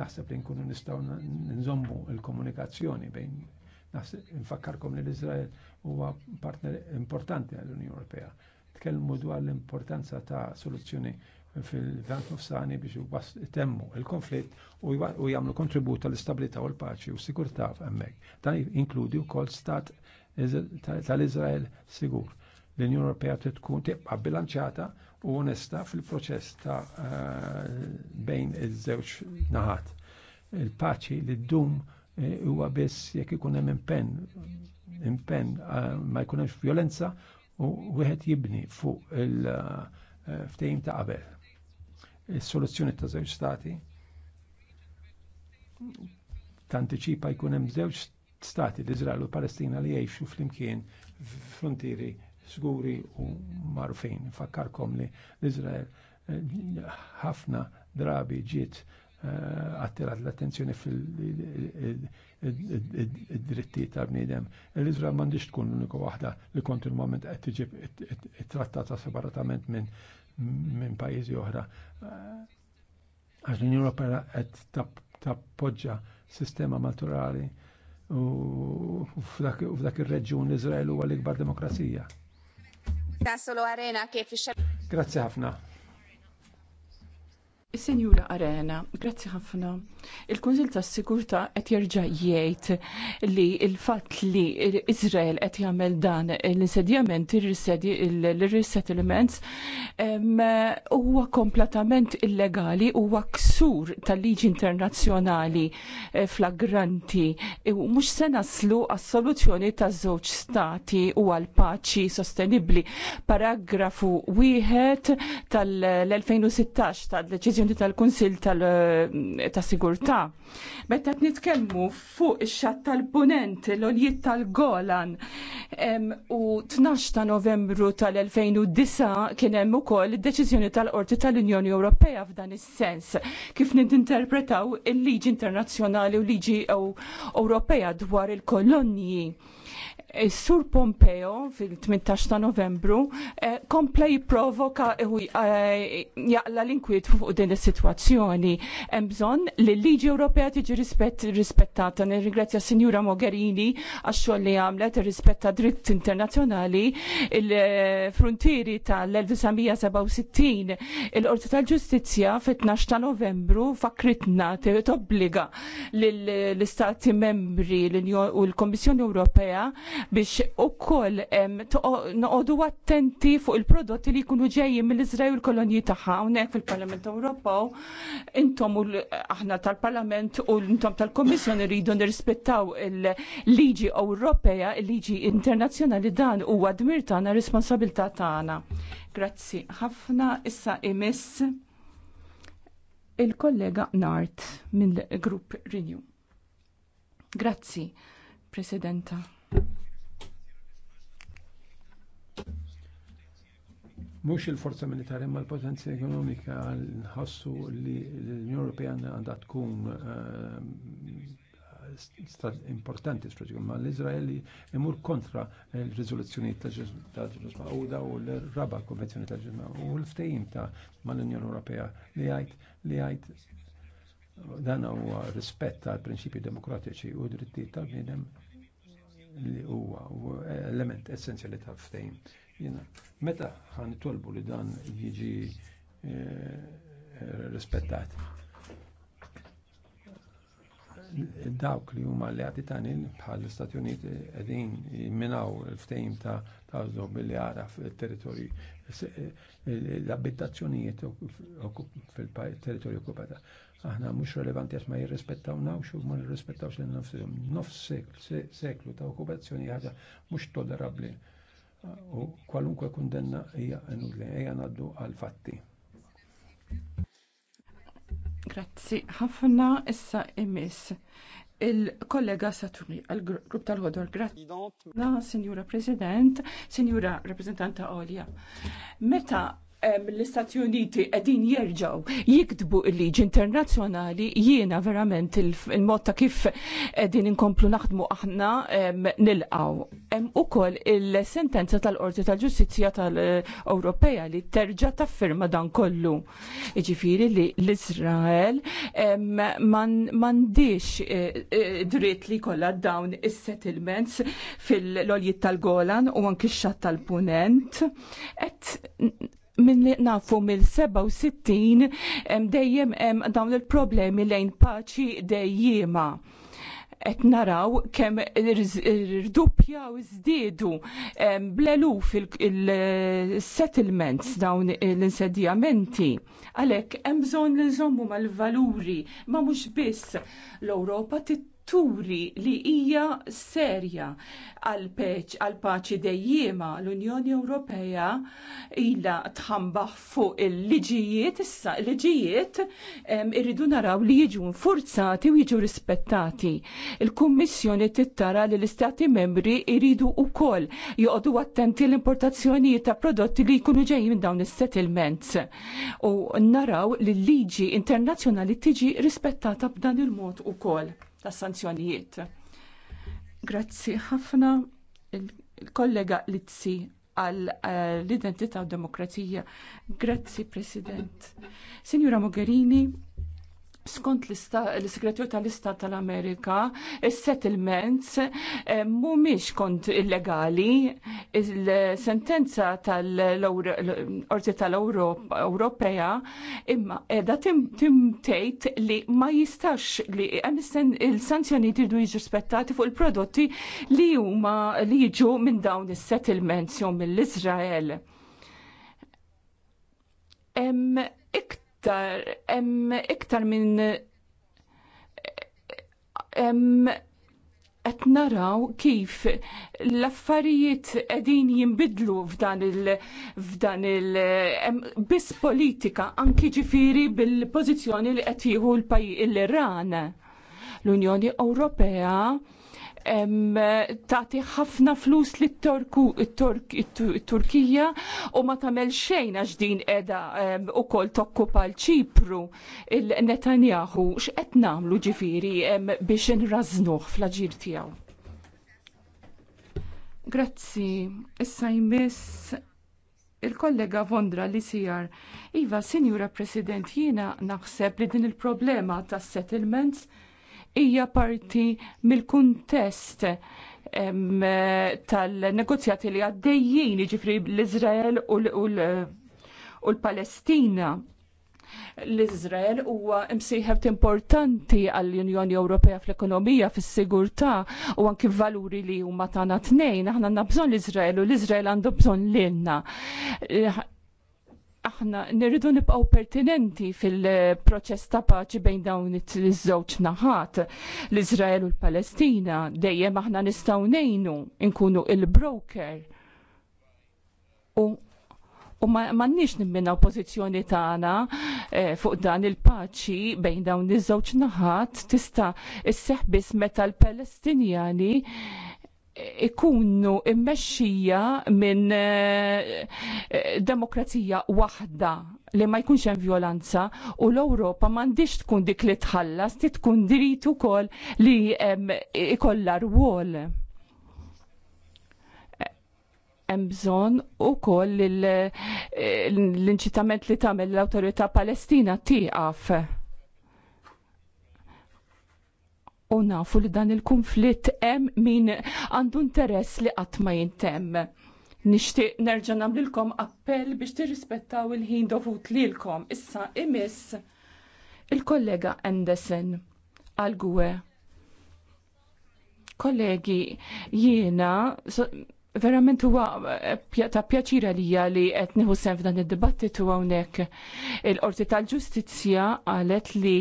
naħseb li nkunu nistgħu nżommu l-komunikazzjoni bejn naħseb infakkarkom li l-Izrael huwa partner importanti għall-Unjoni Ewropea. Tkellmu dwar l-importanza ta' soluzzjoni fil-Vant Nofsani biex temmu il-konflitt u jagħmlu kontribut tal-istabilità u l-paċi u sigurtà hemmhekk. Dan inkludi wkoll stat tal izrael sigur. L-Unjoni Ewropea trid tkun tibqa' bilanċjata u onesta fil-proċess ta' eh, bejn iż-żewġ naħat. Il-paċi li dum eh, huwa biss jekk ikun hemm impenn impenn eh, ma jkun violenza u wieħed jibni fuq il-ftehim ta' qabel. Is-soluzzjoni ta' żewġ stati tanticipa jkun hemm żewġ stati l-Iżrael u Palestina li jgħixu flimkien frontieri sguri u marfin. Fakkarkom li l-Izrael eh, ħafna drabi ġiet eh, attirat l-attenzjoni fil-dritti tal bnidem. L-Izrael mandiġ tkun l-unika waħda li kontinuament qed tiġib trattata separatament minn pajjiżi oħra. Eh, għax l-Unjoni Ewropea qed tappoġġa sistema maturali u f'dak ir-reġjun l-Izrael huwa l-ikbar demokrazija. Grazie ħafna. Senjura Arena, grazzi ħafna. Il-Kunsil tas sigurta qed jerġa' jgħid li l-fatt li Iżrael qed jagħmel dan l-insedjament l-resettlements huwa kompletament illegali huwa ksur tal-liġi internazzjonali eh, flagranti u e mhux se naslu għas-soluzzjoni taż-żewġ stati u għal paċi sostenibbli. Paragrafu wieħed tal-2016 tal-deċiżjoni deċiżjoni tal-Kunsill tas-Sigurtà. Eh, Meta qed nitkellmu fuq ix-xatt tal-Punent, l-oljiet tal-Golan u 12 ta' Novembru tal-2009 kien hemm ukoll id-deċiżjoni tal-Qorti tal-Unjoni Ewropea f'dan is-sens kif nintinterpretaw il-liġi internazzjonali u liġi Ewropea dwar il-kolonji Sur Pompeo fil-18 ta' novembru eh, kompla jipprovoka eh, jaqla l-inkwiet fuq din is-sitwazzjoni. Hemm bżonn li l-liġi Ewropea tiġi rispettata. Nirringrazzja Sinjura Mogherini għax-xogħol li għamlet irrispetta dritt internazzjonali il-frontieri tal-1967 il-Qorti tal-Ġustizzja fit-12 ta' novembru fakritna tobbliga lill istati membri u l-Kommissjoni Ewropea biex ukoll noqogħdu attenti fuq il-prodotti li jkunu ġejjin mill l kolonji tagħha hawnhekk fil-Parlament Ewropew intom u aħna tal-Parlament u intom tal-Kommissjoni rridu nirrispettaw il-liġi Ewropea, il-liġi internazzjonali dan huwa dmir tagħna responsabilità tagħna. Grazzi ħafna issa imiss il-kollega Nart mill-grupp Renew. Grazzi, Presidenta. Mux il-forza militari ma l-potenzja ekonomika nħassu li l-Unjoni Ewropea għandha tkun eh, importanti strategiku ma l-Izraeli imur kontra l-rizoluzzjoni ta' ġusma u da u l-raba konvenzjoni ta' ġusma u l-ftejim ta' ma l-Unjoni Ewropea li għajt li għajt dan huwa rispett tal prinċipji demokratiċi u drittijiet tal bnidem li huwa eh, element essenzjali ta' ftehim. Jena, meta ħan tolbu li dan jiġi eh, rispettat dawk li huma għati tani bħal l-Istati Uniti qegħdin minnaw il-ftehim ta' tawżu billi għara fil territori eh, l-abitazzjonijiet fil fil-paj-territori okkupata. Aħna mhux relevanti għax ma jirrispettawna u ma nirrispettawx lil nofsihom. Nofs seklu ta' okkupazzjoni għada mhux tollerabli. U kwalunkwe kundenna hija inutli, hija ngħaddu għal fatti. Grazzi ħafna issa imiss il-kollega Saturi għal-grupp tal-ħodor. Grazzi. Signora President, Signora Representanta Olja. Meta Eh, l-Istati Uniti qegħdin jerġgħu jiktbu il-liġi internazzjonali jiena verament il-mod ta' kif qegħdin inkomplu naħdmu aħna nilqgħu. Hemm ukoll il-sentenza tal-Qorti tal-Ġustizzja tal-Ewropea li terġa' taffirma dan kollu. Jiġifieri li l-Iżrael m'għandix eh, eh, dritt li jkollha dawn is-settlements fil-loljiet tal-Golan u anke x-xatt tal-Punent minn li nafu mill-67 dejjem hemm dawn il-problemi lejn paċi dejjema qed naraw kemm irdupja u żdiedu bleluf fil settlements dawn l-insedjamenti. Għalhekk hemm bżonn li nżommu mal-valuri ma mhux biss l-Ewropa tit turi li hija serja għal paċi dejjema l-Unjoni Ewropea ilha tħambaħ fuq il-liġijiet issa liġijiet irridu naraw li jiġu nforzati u jiġu rispettati. Il-Kummissjoni tittara li l-Istati membri jridu wkoll joqogħdu attenti l-importazzjonijiet ta' prodotti li jkunu ġejjin minn dawn is-settlements u naraw li l-liġi internazzjonali tiġi rispettata b'dan il-mod ukoll tas-sanzjonijiet. Grazzi ħafna il-kollega Lizzi għal eh, l-identità u demokrazija. Grazzi, President. Signora Mogherini, skont l-Segretju tal-Istat tal-Amerika, il-settlements eh, mumiex kont illegali, il-sentenza tal qorti tal-Ewropea imma edha timtejt li ma jistax li il-sanzjoni tridu jiġu rispettati fuq il-prodotti li huma li jiġu minn dawn is-settlements jew mill-Iżrael iktar, hemm iktar minn qed naraw kif l-affarijiet qegħdin jinbidlu f'dan il f'dan il biss politika anki ġifiri bil-pożizzjoni li qed jieħu l-pajji l-Iran. L-Unjoni Ewropea tagħti ħafna flus li-Torku t turkija u ma tagħmel xejn għax din qiegħda kol tokkupa l-Ċipru il-Netanyahu x'qed nagħmlu ġifieri biex inrażnuh fl-aġir tiegħu. Grazzi, issa jmiss il-kollega Vondra li sijar, Iva, Sinjura President, jiena naħseb li din il-problema tas settlements hija parti mill-kuntest tal-negozjati li għaddejjin ġifri l-Izrael u l-Palestina. L-Izrael huwa imsieħeb importanti għall-Unjoni Ewropea fl-ekonomija, fis-sigurtà u anki valuri li huma tagħna tnejn. Aħna għandna bżonn l-Izrael u l-Izrael għandu bżonn lilna aħna nirridu nibqgħu pertinenti fil-proċess ta' paċi bejn dawn iż-żewġ naħat l-Iżrael u l-Palestina dejjem aħna nistgħu ngħinu nkunu il-broker u u m'għandniex nimmina pozizjoni tagħna eh, fuq dan il-paċi bejn dawn iż-żewġ naħat tista' isseħbis meta l-Palestinjani ikunu immexxija minn eh, eh, demokrazija waħda li ma jkunx hemm violanza u l-Ewropa m'għandix tkun dik li tħallas, ti tkun drit ukoll li ikollha rwol. Hemm bżonn ukoll eh, l-inċitament li tagħmel l-awtorità Palestina tieqaf u nafu li dan il-konflitt hemm min għandu interess li qatt ma jintemm. Nixtieq nerġa' nagħmlilkom appell biex tirrispettaw il-ħin dovut lilkom. Issa imiss il-kollega Anderson għal gwe Kollegi, jiena so, verament huwa ta' pjaċira lija li qed nieħu sem f'dan id-dibattitu hawnhekk. Il-Qorti tal-Ġustizzja qalet li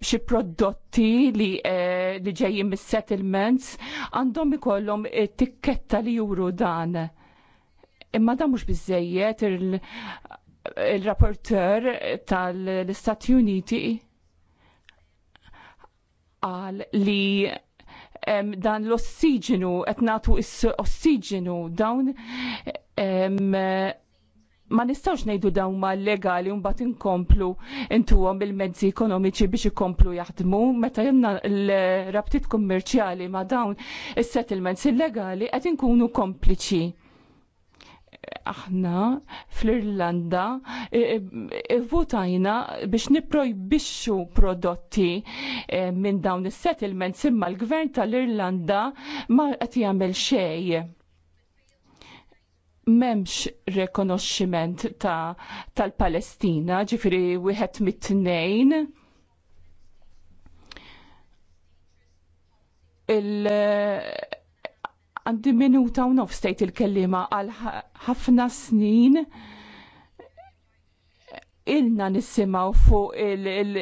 xi prodotti li, eh, li ġejjin mis-settlements għandhom ikollhom tikketta li juru dan. Imma dan mhux biżejjed il-rapporter il rapporter tal istati Uniti qal li dan l-ossiġenu, etnatu is-ossiġenu dawn ma nistawx nejdu dawn ma legali un bat inkomplu għom il-mezzi ekonomiċi biex ikomplu jaħdmu meta jenna l-rabtit kummerċjali ma dawn is-settlements illegali qed inkunu kompliċi. Aħna fl-Irlanda e, e, votajna biex niprojbixxu prodotti e, minn dawn is-settlements imma l-gvern tal-Irlanda ma qed jagħmel xejn memx rekonosċiment ta' tal-Palestina, ġifiri wieħed mit-tnejn. Il għandi minuta u nof stejt il-kellima għal ħafna snin ilna nisimaw fuq il-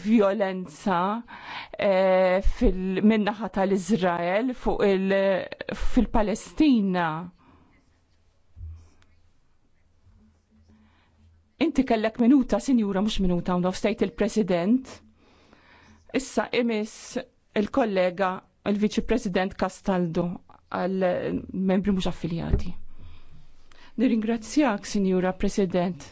violenza il il, il il, eh, fil-minnaħa tal-Izrael fuq il-Palestina. il fil palestina Inti kellek minuta, sinjura, mhux minuta, u stajt il-president. Issa imis il-kollega, il-viċi president Castaldo, għal membri mhux affiljati. Niringrazzjak, sinjura president.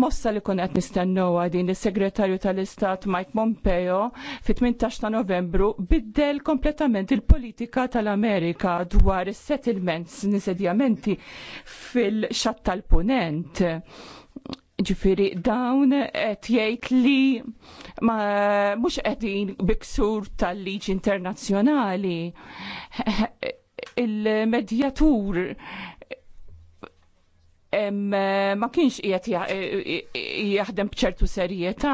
Mossa li kunet nistennu din il-segretarju tal-Istat Mike Pompeo fit-18 ta' novembru biddel kompletament il-politika tal-Amerika dwar is-settlements nisedjamenti fil-xatt tal-punent. Ġifiri dawn qed jgħid li ma mhux qegħdin biksur tal-liġi internazzjonali il-medjatur ma kienx qiegħed e- e- e- jaħdem bċertu serjetà,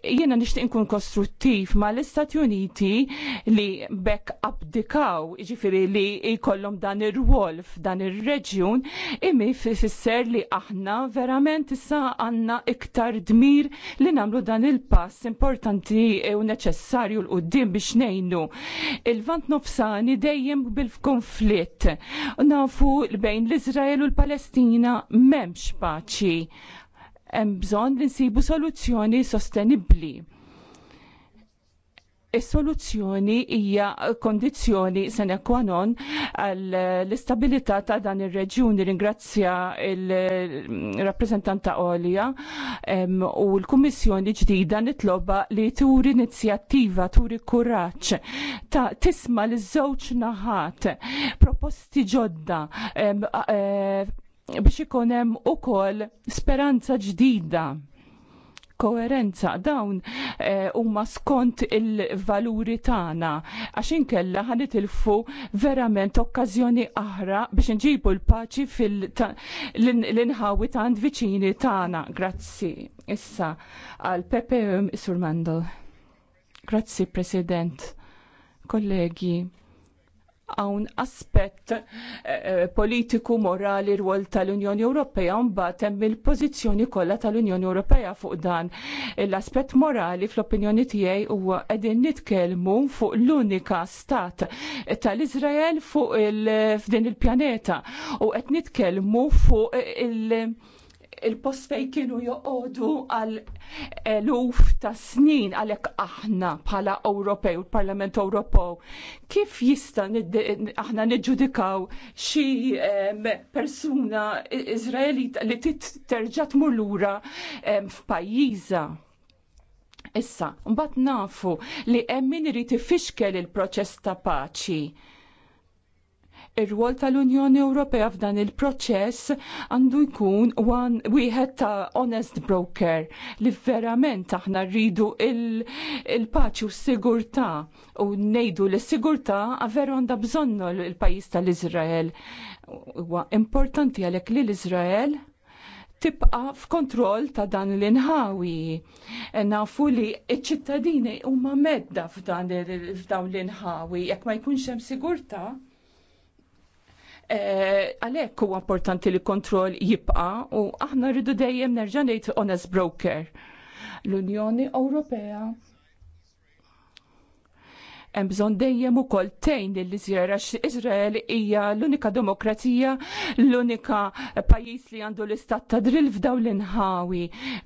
jiena nixtieq nkun kostruttiv ma l-Istati Uniti li bekk abdikaw, jiġifieri li jkollhom dan ir-rwol f'dan ir-reġjun, imi fisser li aħna verament issa għandna iktar dmir li nagħmlu dan il-pass importanti u neċessarju l qudiem biex ngħinu. Il-vant nofsani dejjem bil-konflitt. Nafu bejn l-Iżrael u l-Palestina memx m'hemmx paċi. Hemm bżonn li nsibu soluzzjoni sostenibbli. Is-soluzzjoni hija kondizzjoni sine qua non l-istabilità ta' dan ir-reġjuni ringrazzja il-rappreżentanta Olja u l-Kummissjoni ġdida nitloba li turi inizjattiva, turi kuraġġ ta' tisma' l-żewġ naħat proposti ġodda eh, biex ikun hemm ukoll speranza ġdida koerenza dawn eh, huma eh, skont il-valuri tagħna għax inkella ħanitilfu verament okkażjoni aħra biex nġibu l-paċi fil-inħawi ta' viċini tagħna. Grazzi. Issa għal Pepe Sur Mandel. Grazzi President. Kollegi hawn aspett eh, eh, politiku morali rwol tal-Unjoni Ewropea mbagħad hemm il-pożizzjoni kollha tal-Unjoni Ewropea fuq dan. L-aspett morali fl-opinjoni tiegħi huwa qegħdin nitkellmu fuq l-unika stat tal-Iżrael fuq il f'din il-pjaneta u qed nitkellmu fuq il-, -il il-post fej kienu joqodu għal eluf eh, ta' snin għalek aħna bħala Ewropew, il-Parlament Ewropew, kif jista' aħna niġġudikaw xi persuna Izraelita li titterġat tmur lura f'pajjiża. Issa, mbagħad nafu li hemm min irid ifixkel il-proċess ta' paċi Ir-rwol tal-Unjoni Ewropea f'dan il-proċess għandu jkun wieħed ta' honest broker li verament aħna rridu il-paċi u s-sigurtà u ngħidu li s-sigurtà veru għandha bżonnu l-pajjiż tal-Iżrael. Huwa importanti għalhekk li l-Iżrael tibqa f'kontroll ta' dan l-inħawi. Nafu li ċ-ċittadini huma medda f'dan l-inħawi, jekk ma jkunx hemm sigurtà Eh, għalhekk huwa importanti li kontrol jibqa' u aħna rridu dejjem nerġa' ngħid honest broker. L-Unjoni Ewropea hemm bżonn dejjem ukoll tgħin lil Iżrael għax Iżrael hija l-unika demokrazija, l-unika pajjiż li għandu l-istat ta' drill f'daw l-inħawi.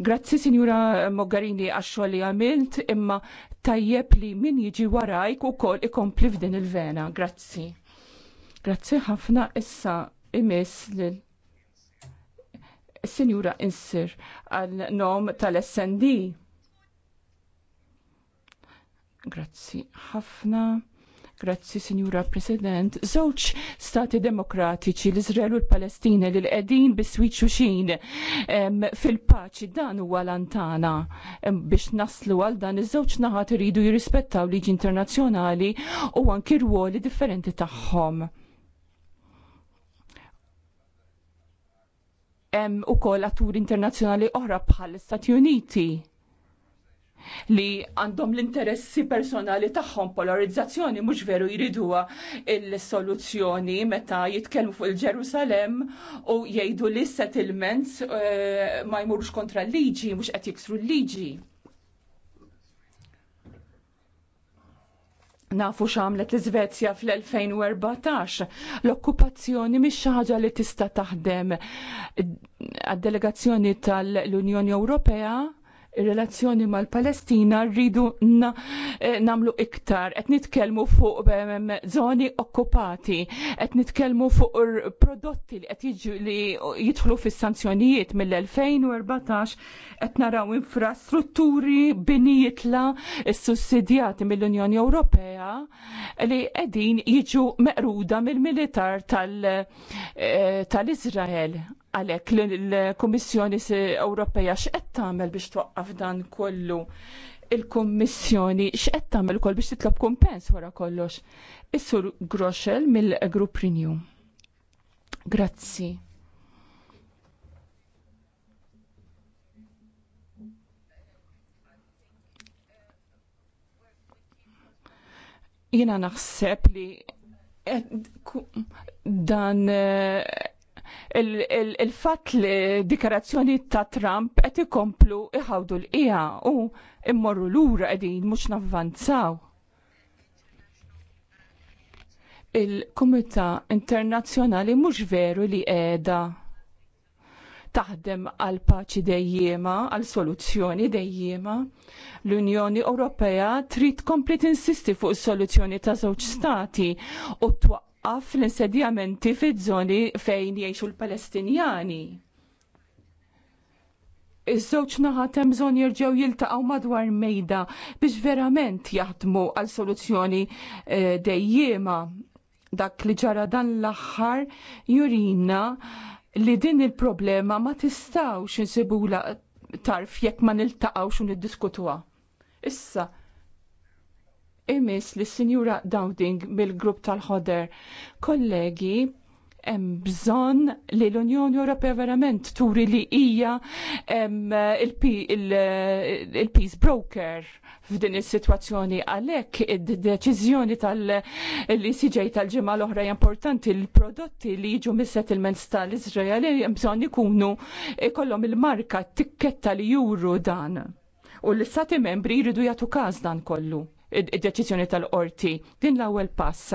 Grazzi Sinjura Mogherini għax-xogħol li għamilt imma tajjeb li min jiġi warajk ukoll ikompli f'din il-vena. Grazzi. Grazzi ħafna issa imiss lil Sinjura Insir għal nom tal-SND. Grazzi ħafna. Grazzi, Signora President. Żewġ stati demokratiċi, l-Izrael u l-Palestina, li l-qegħdin biswiċ xin fil-paċi dan huwa lantana biex naslu għal dan iż-żewġ naħat iridu jirrispettaw liġi internazzjonali u anki rwoli differenti tagħhom hemm ukoll attur internazzjonali oħra bħal istati Uniti li għandhom l-interessi personali tagħhom polarizzazzjoni mhux veru jriduha il-soluzzjoni meta jitkellmu fuq il-Ġerusalem u jgħidu li settlements uh, ma jmurx kontra l-liġi mhux qed jiksru l-liġi. nafu xamlet l-Svezja fl-2014. L-okkupazzjoni mi xaġa ħaġa li tista' taħdem għad-delegazzjoni tal-Unjoni Ewropea ir-relazzjoni mal-Palestina rridu eh, namlu iktar, qed nitkellmu fuq zoni okkupati, qed nitkellmu fuq prodotti li qed jiġu li jidħlu fis-sanzjonijiet mill-2014 qed naraw infrastrutturi s sussidjati mill-Unjoni Ewropea li qegħdin jiġu meqruda mill-militar tal-Iżrael. Tal eh, għalek l-Kommissjoni Ewropeja x'qed tagħmel biex twaqqaf dan kollu il-Kommissjoni x'qed tagħmel ukoll biex titlob kumpens wara kollox. Is-Sur Groschel mill-Group Renew. Grazzi. Jina naħseb li dan eh, il-fatt li dikarazzjoni ta' Trump qed ikomplu iħawdu l-qija u immorru lura qegħdin mhux navvanzaw. Il-Kumità Internazzjonali mhux veru li qiegħda taħdem għal paċi dejjema, għal soluzzjoni dejjema. L-Unjoni Ewropea trid kompli tinsisti fuq is soluzzjoni ta' żewġ stati u twaqqaf waqqaf l-insedjamenti fiż-żoni fejn jgħixu l-Palestinjani. Iż-żewġ naħat hemm bżonn jerġgħu jiltaqgħu madwar mejda biex verament jaħdmu għal soluzzjoni eh, dejjiema. Dak li ġara dan l-aħħar jurina li din il-problema ma tistgħux insibula tarf jekk ma niltaqgħux u niddiskutuha. Issa, imis li sinjura Dowding mill-grupp tal-ħoder. Kollegi, hemm bżonn li l-Unjoni Ewropea verament turi li hija il-peace broker f'din is-sitwazzjoni għalhekk id-deċiżjoni tal-ICJ tal-ġimgħa l-oħra importanti l-prodotti li jiġu mis-settlements tal-Iżrael hemm bżonn ikunu ikollhom il-marka tikketta li juru dan. U l istati membri jridu jagħtu każ dan kollu id-deċizjoni tal-qorti. Din l-ewwel pass.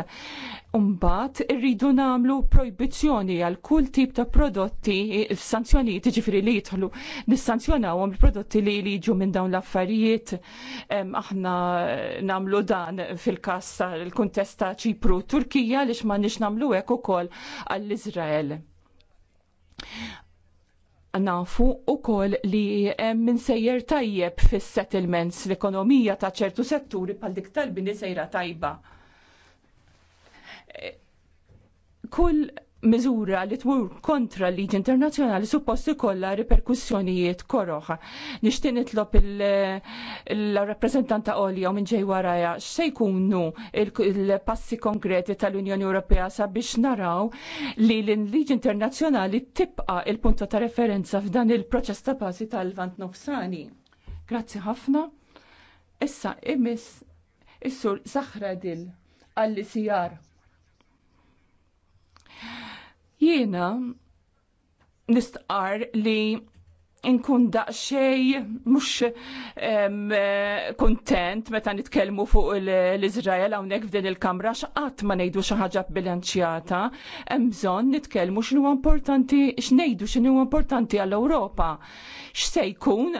Umbat, irridu nagħmlu proibizjoni għal kull tip ta' prodotti sanzjonijiet ġifieri li jidħlu nissanzjonawhom il-prodotti li li jiġu minn dawn l-affarijiet. Aħna nagħmlu dan fil-każ tal-kuntest ta' Ċipru Turkija lix ma nix nagħmlu hekk ukoll għall-Iżrael nafu u kol li minn sejjer tajjeb fis settlements l-ekonomija ta' ċertu setturi pal dik tal-bini sejra tajba. Eh, kull miżura li twur kontra l-liġi internazzjonali suppost ikollha riperkussjonijiet koroħa. Nixtieq nitlob il-rappreżentanta Olja minn ġej waraja x'se jkunu il-passi konkreti tal-Unjoni Ewropea sabiex naraw li l-liġi internazzjonali tibqa' il punto ta' referenza f'dan il-proċess ta' pasi tal-Vant Nofsani. Grazzi ħafna. Issa imis is-sur Saħradil għall-sijar Jiena nistqar li nkun daqxej mhux kuntent meta nitkellmu fuq l-Iżrael hawnhekk f'din il-Kamra x'qatt ma ngħidu xi ħaġa bbilanċjata, hemm bżonn nitkellmu x'inhu importanti x'ngħidu x'inhu importanti għall-Ewropa. X'se jkun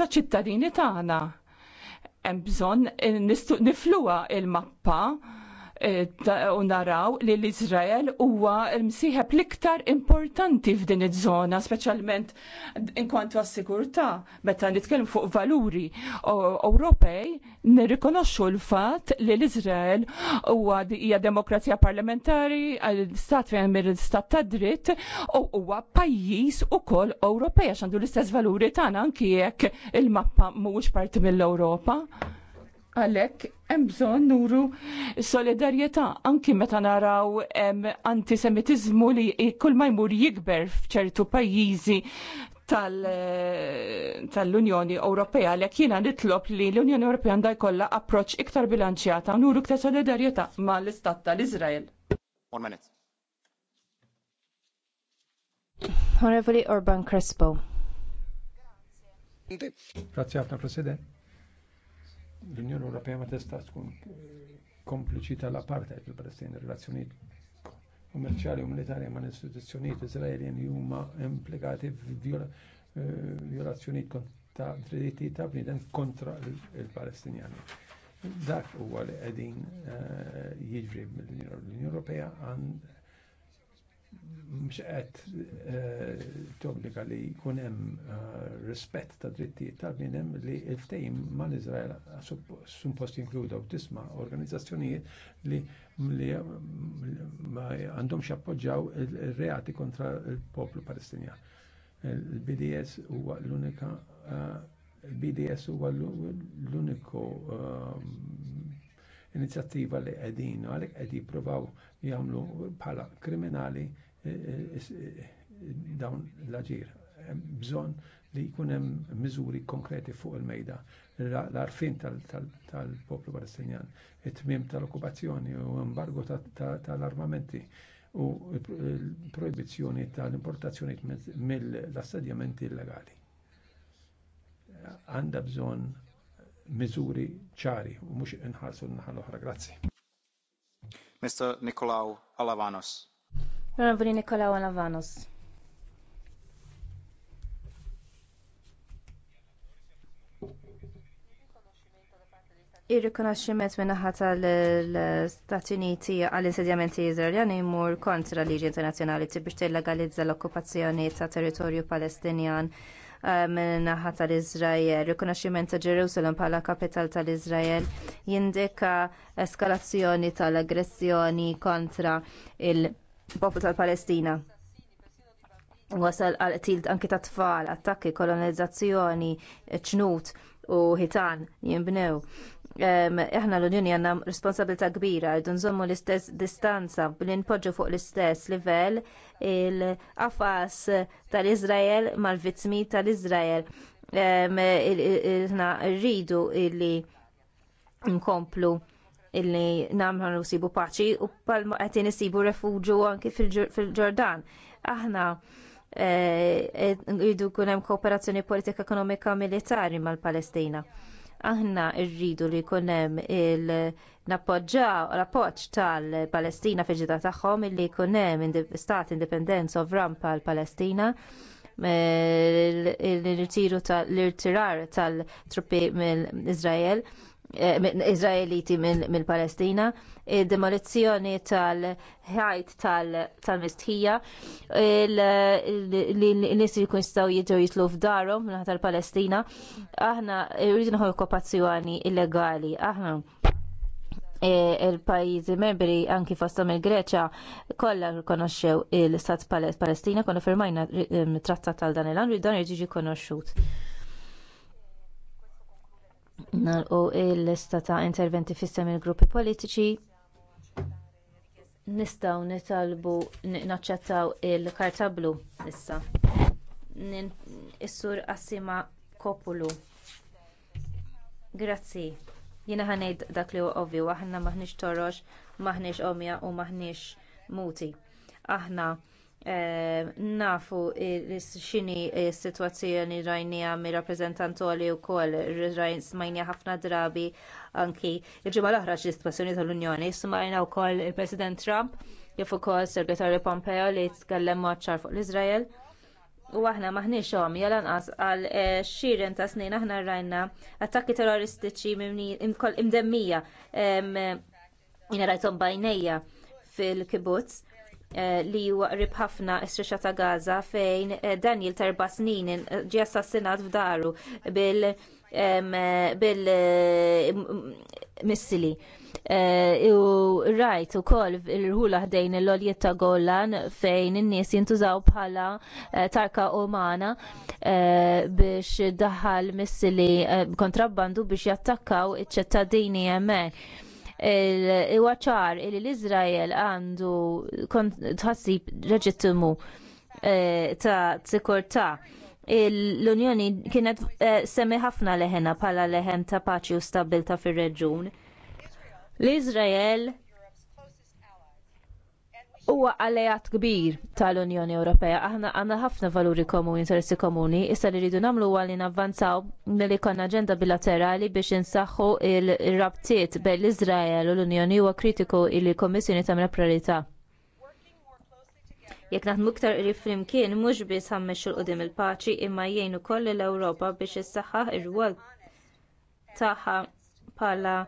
ċittadini tagħna. Hemm bżonn nifluha il-mappa Eh, u naraw li l-Izrael huwa l-msieħeb l-iktar importanti f'din iż-żona, speċjalment inkwantu għas-sigurtà meta nitkellmu fuq valuri Ewropej nirrikonoxxu l-fatt li l-Izrael huwa hija demokrazija parlamentari stat fejn stat ta' dritt u huwa pajjiż ukoll Ewropej għax għandu l-istess valuri tagħna anki jekk il-mappa mhuwiex parti mill-Ewropa. Għalhekk hemm bżonn nuru solidarjetà anki meta naraw antisemitiżmu li kull ma jmur jikber f'ċertu pajjiżi eh, tal-Unjoni tal Ewropea l jiena nitlob li l-Unjoni Ewropea għandha jkollha approċċ iktar bilanċjata u nuru iktar solidarjetà mal istat tal-Iżrael. One minute. Honorevoli Orban Crespo. Grazie, President l-Unjoni Ewropea ma tista' tkun eh, kompliċi tal-apartheid fil-Palestina, relazzjonijiet kummerċjali u militari ma' istituzzjonijiet Izraeljen huma implikati f'violazzjonijiet eh, ta' drittijiet ta' bniedem kontra l palestinjani Dak huwa li qegħdin eh, jiġri mill-Unjoni Ewropea mx qed eh, tobbliga li jkun hemm eh, rispett ta' drittijiet tal-bniedem li l-ftehim mal Iżrael suppost jinkludaw tisma' organizzazzjonijiet li għandhomx jappoġġjaw ir-reati kontra l-poplu Palestinja. Il-BDS huwa l-unika eh, BDS huwa l-uniku inizjattiva li qegħdin għalhekk qed jippruvaw jagħmlu bħala kriminali eh, eh, eh, dawn l-aġir. Bżonn li jkun hemm miżuri konkreti fuq il-mejda, l-arfin tal-poplu palestinjan, it-tmim tal-okkupazzjoni u embargo tal-armamenti u proibizzjoni tal-importazzjoni mill assedjamenti illegali. Għanda bżonn miżuri ċari u mhux inħarsu l naħa l-oħra. Grazzi. Mr. Nikolaou Alavanos. Onorevoli Nikolaou Alavanos. Ir-rikonoxximent min ħata l stati Uniti għall-insedjamenti Izraeljani jmur kontra liġi internazzjonali biex tillegalizza l-okkupazzjoni ta' territorju Palestinjan Eh, minn naħa tal-Izrael. Rikonoxximent ta' Ġerusalem bħala kapital tal-Izrael jindika eskalazzjoni tal-aggressjoni kontra il-poplu tal-Palestina. Wasal għal tilt anki ta' tfal, attakki, kolonizzazzjoni, ċnut u ħitan jinbnew aħna l-Unjoni għandna responsabilità kbira id nżommu l-istess distanza billi npoġġu fuq l-istess livell il-qafas tal-Iżrael mal vizmi tal-Iżrael. Iħna rridu illi nkomplu illi namlu nsibu paċi u palmu qed insibu refugju anki fil-Ġordan. Aħna eh, rridu kunem hemm kooperazzjoni politika ekonomika militari mal-Palestina aħna rridu li jkun hemm il-nappoġġaw l-appoġġ tal-Palestina fil-ġida tagħhom illi jkun hemm stat indipendent sovran pal-Palestina eh, l-irtirar tal-truppi mill-Izrael Eh, Izraeliti minn Palestina, eh, demolizzjoni tal-ħajt tal-mistħija, l-nis li kun staw jidru jitlu f'darhom minn tal-Palestina, aħna rridu okkupazzjoni illegali, aħna eh, il-pajizi membri anki fostom il-Greċa kollha rikonoxxew il-Stat Palestina konu firmajna trattat tal dan il-għan dan irġiġi konoxxut nalqu l-lista ta' interventi fissem il-gruppi politiċi nistgħu nitalbu naċċettaw il-karta blu issa is-sur Assima kopulu grazzi jiena ħa ngħid dak li huwa ovvju aħna m'aħniex torrox, m'aħniex qomja u m'aħniex muti aħna Ehm, nafu x'inhi s-sitwazzjoni rajnija mir rappreżentantoli wkoll rajn smajnija ħafna drabi anki il-ġimgħa l-oħra l tal-Unjoni smajna wkoll il-President Trump kif ukoll Segretarju Pompeo li tkellem maċċar fuq l izrael U aħna xom jalan lanqas għal e, xirin ta' snin aħna rajna attakki terroristiċi imdemmija ehm, jina rajtom bajnejja fil-kibbutz Eh, li huwa qrib ħafna s-rixa ta' Gaza fejn eh, Daniel terba snin ġie assassinat f'daru bil- eh, bil missili. U rajt u koll ħdejn l-oljiet ta' Golan fejn in-nies jintużaw bħala tarka umana biex daħal missili kontrabbandu biex jattakkaw iċ-ċittadini hemmhekk il-waċar il l-Izrael għandu tħassib reġittimu eh, ta' sikurtà l-Unjoni kienet eh, semmi ħafna leħena bħala leħen ta' paċi u stabilta fir-reġun. L-Izrael huwa għalejat kbir tal-Unjoni Ewropea. Aħna għandna ħafna valuri komuni, interessi komuni, issa li rridu nagħmlu għalli navvanzaw milli konna aġenda bilaterali biex insaħħu il-rabtiet bejn l-Iżrael u l-Unjoni huwa kritiku li l-Kommissjoni tagħmel priorità. Jekk naħdmu iktar qrib flimkien mhux biss ħammex il-qudiem il-paċi imma jgħinu koll l-Ewropa biex issaħħaħ ir-rwol tagħha bħala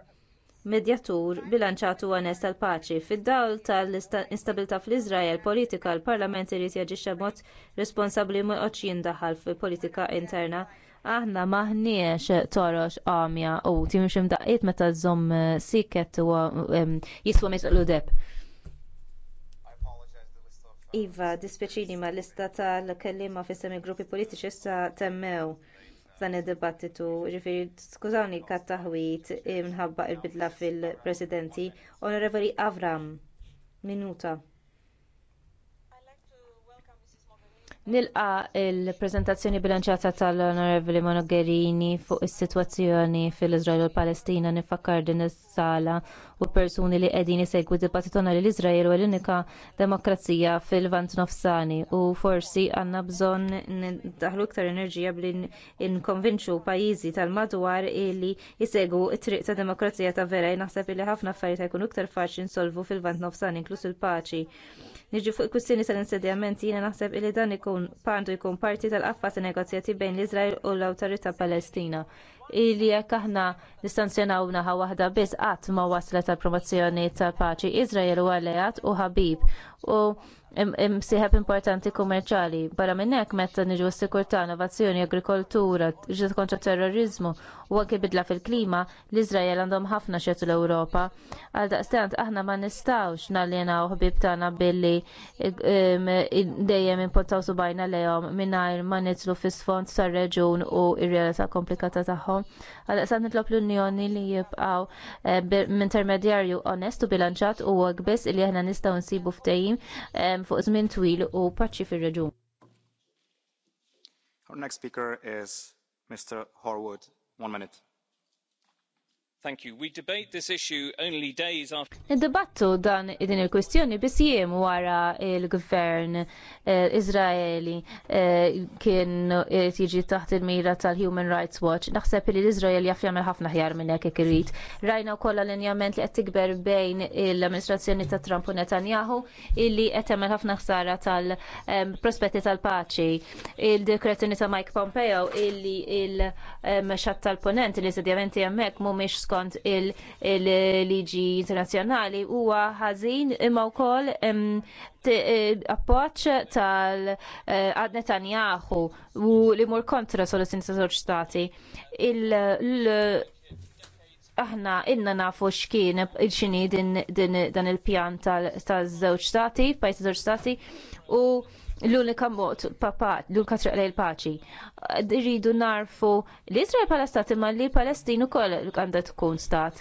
medjatur bilanċatu u tal-paċi. Fid-dawl tal instabilta fl-Iżrael politika l-Parlament irid jaġixxa b'mod responsabbli ma jqgħodx jindaħal fil-politika interna. Aħna maħniex torox għamja u timx imdaqqiet meta żomm siket u jiswa mitqlu deb. Iva, dispjaċini ma lista tal-kellima fis-semi gruppi politiċi issa temmew dan id-dibattitu, ġifiri, skużawni kat eh, minħabba l bidla fil-presidenti, Onorevoli Avram, minuta. Nilqa il-prezentazzjoni bilanċata tal-Onorevoli Monogherini fuq is-sitwazzjoni fil-Izrael u l-Palestina nifakkar din is-sala u persuni li qegħdin isegwu dibattitona li l-Iżrael u l-unika demokrazija fil-Vant Nofsani u forsi għandna bżonn daħlu iktar enerġija bli nkonvinċu pajjiżi tal-madwar li jisegwu t triq ta' demokrazija ta' vera naħseb li ħafna affarijiet jkunu iktar faċli nsolvu fil-Vant Nofsani inkluż il-paċi. Niġu fuq il-kwistjoni tal-insedjament jiena naħseb li dan ikun pandu jkun parti tal-qaffa ta' negozjati bejn l-Iżrael u l-Awtorità Palestina li jekk aħna nistanzjonaw naħa waħda biss qatt ma waslet għall promozzjoni tal paċi. Iżrael u alleat u ħabib u imsieħab importanti kummerċali. Barra minn hekk nġu niġu s-sikurtà, innovazzjoni, agrikoltura, ġiet kontra terrorizmu u anke bidla fil-klima, l izrael għandhom ħafna xetu l-Ewropa. Għal daqstant aħna ma nistgħux naljenaw ħbib tagħna billi dejjem impottaw subajna lejhom mingħajr ma nitlu fis fond tar-reġun u r-realtà komplikata tagħhom. Għal daqstant nitlob l-Unjoni li jibqgħu eh, intermedjarju onest u bilanċat u għagbis li aħna nistgħu nsibu ftehim eh, hemm fuq żmien twil u paċi fir-reġjun. Our next speaker is Mr. Horwood. One minute. Thank you. We debate this issue only days after. Id-dibattu dan din il kwestjoni biss jiem wara il-gvern eh, Izraeli eh, kien tiġi taħt il-mira tal-Human Rights Watch. Naħseb li l-Izrael jaf jagħmel ħafna ħjar minn hekk ikrid. Rajna wkoll l-injament li qed tikber bejn l-amministrazzjoni ta' Trump u Netanyahu illi qed jagħmel ħafna ħsara tal-prospetti tal-paċi. Il-dekretuni ta' Mike Pompeo illi il-mexxat tal-ponent li sedjamenti hemmhekk mhumiex skont il-liġi internazzjonali huwa ħażin imma wkoll e, appoġġ tal e, Netanyahu u li mur kontra soluzzjoni ta' żewġ stati. Aħna inna nafu x'kien x'inhi dan il-pjan tal-żewġ stati, pajjiż żewġ stati u l-unika mod papat, l-unika triq l paċi. Rridu narfu l israel pala stat imma li palestinu kol għandha tkun stat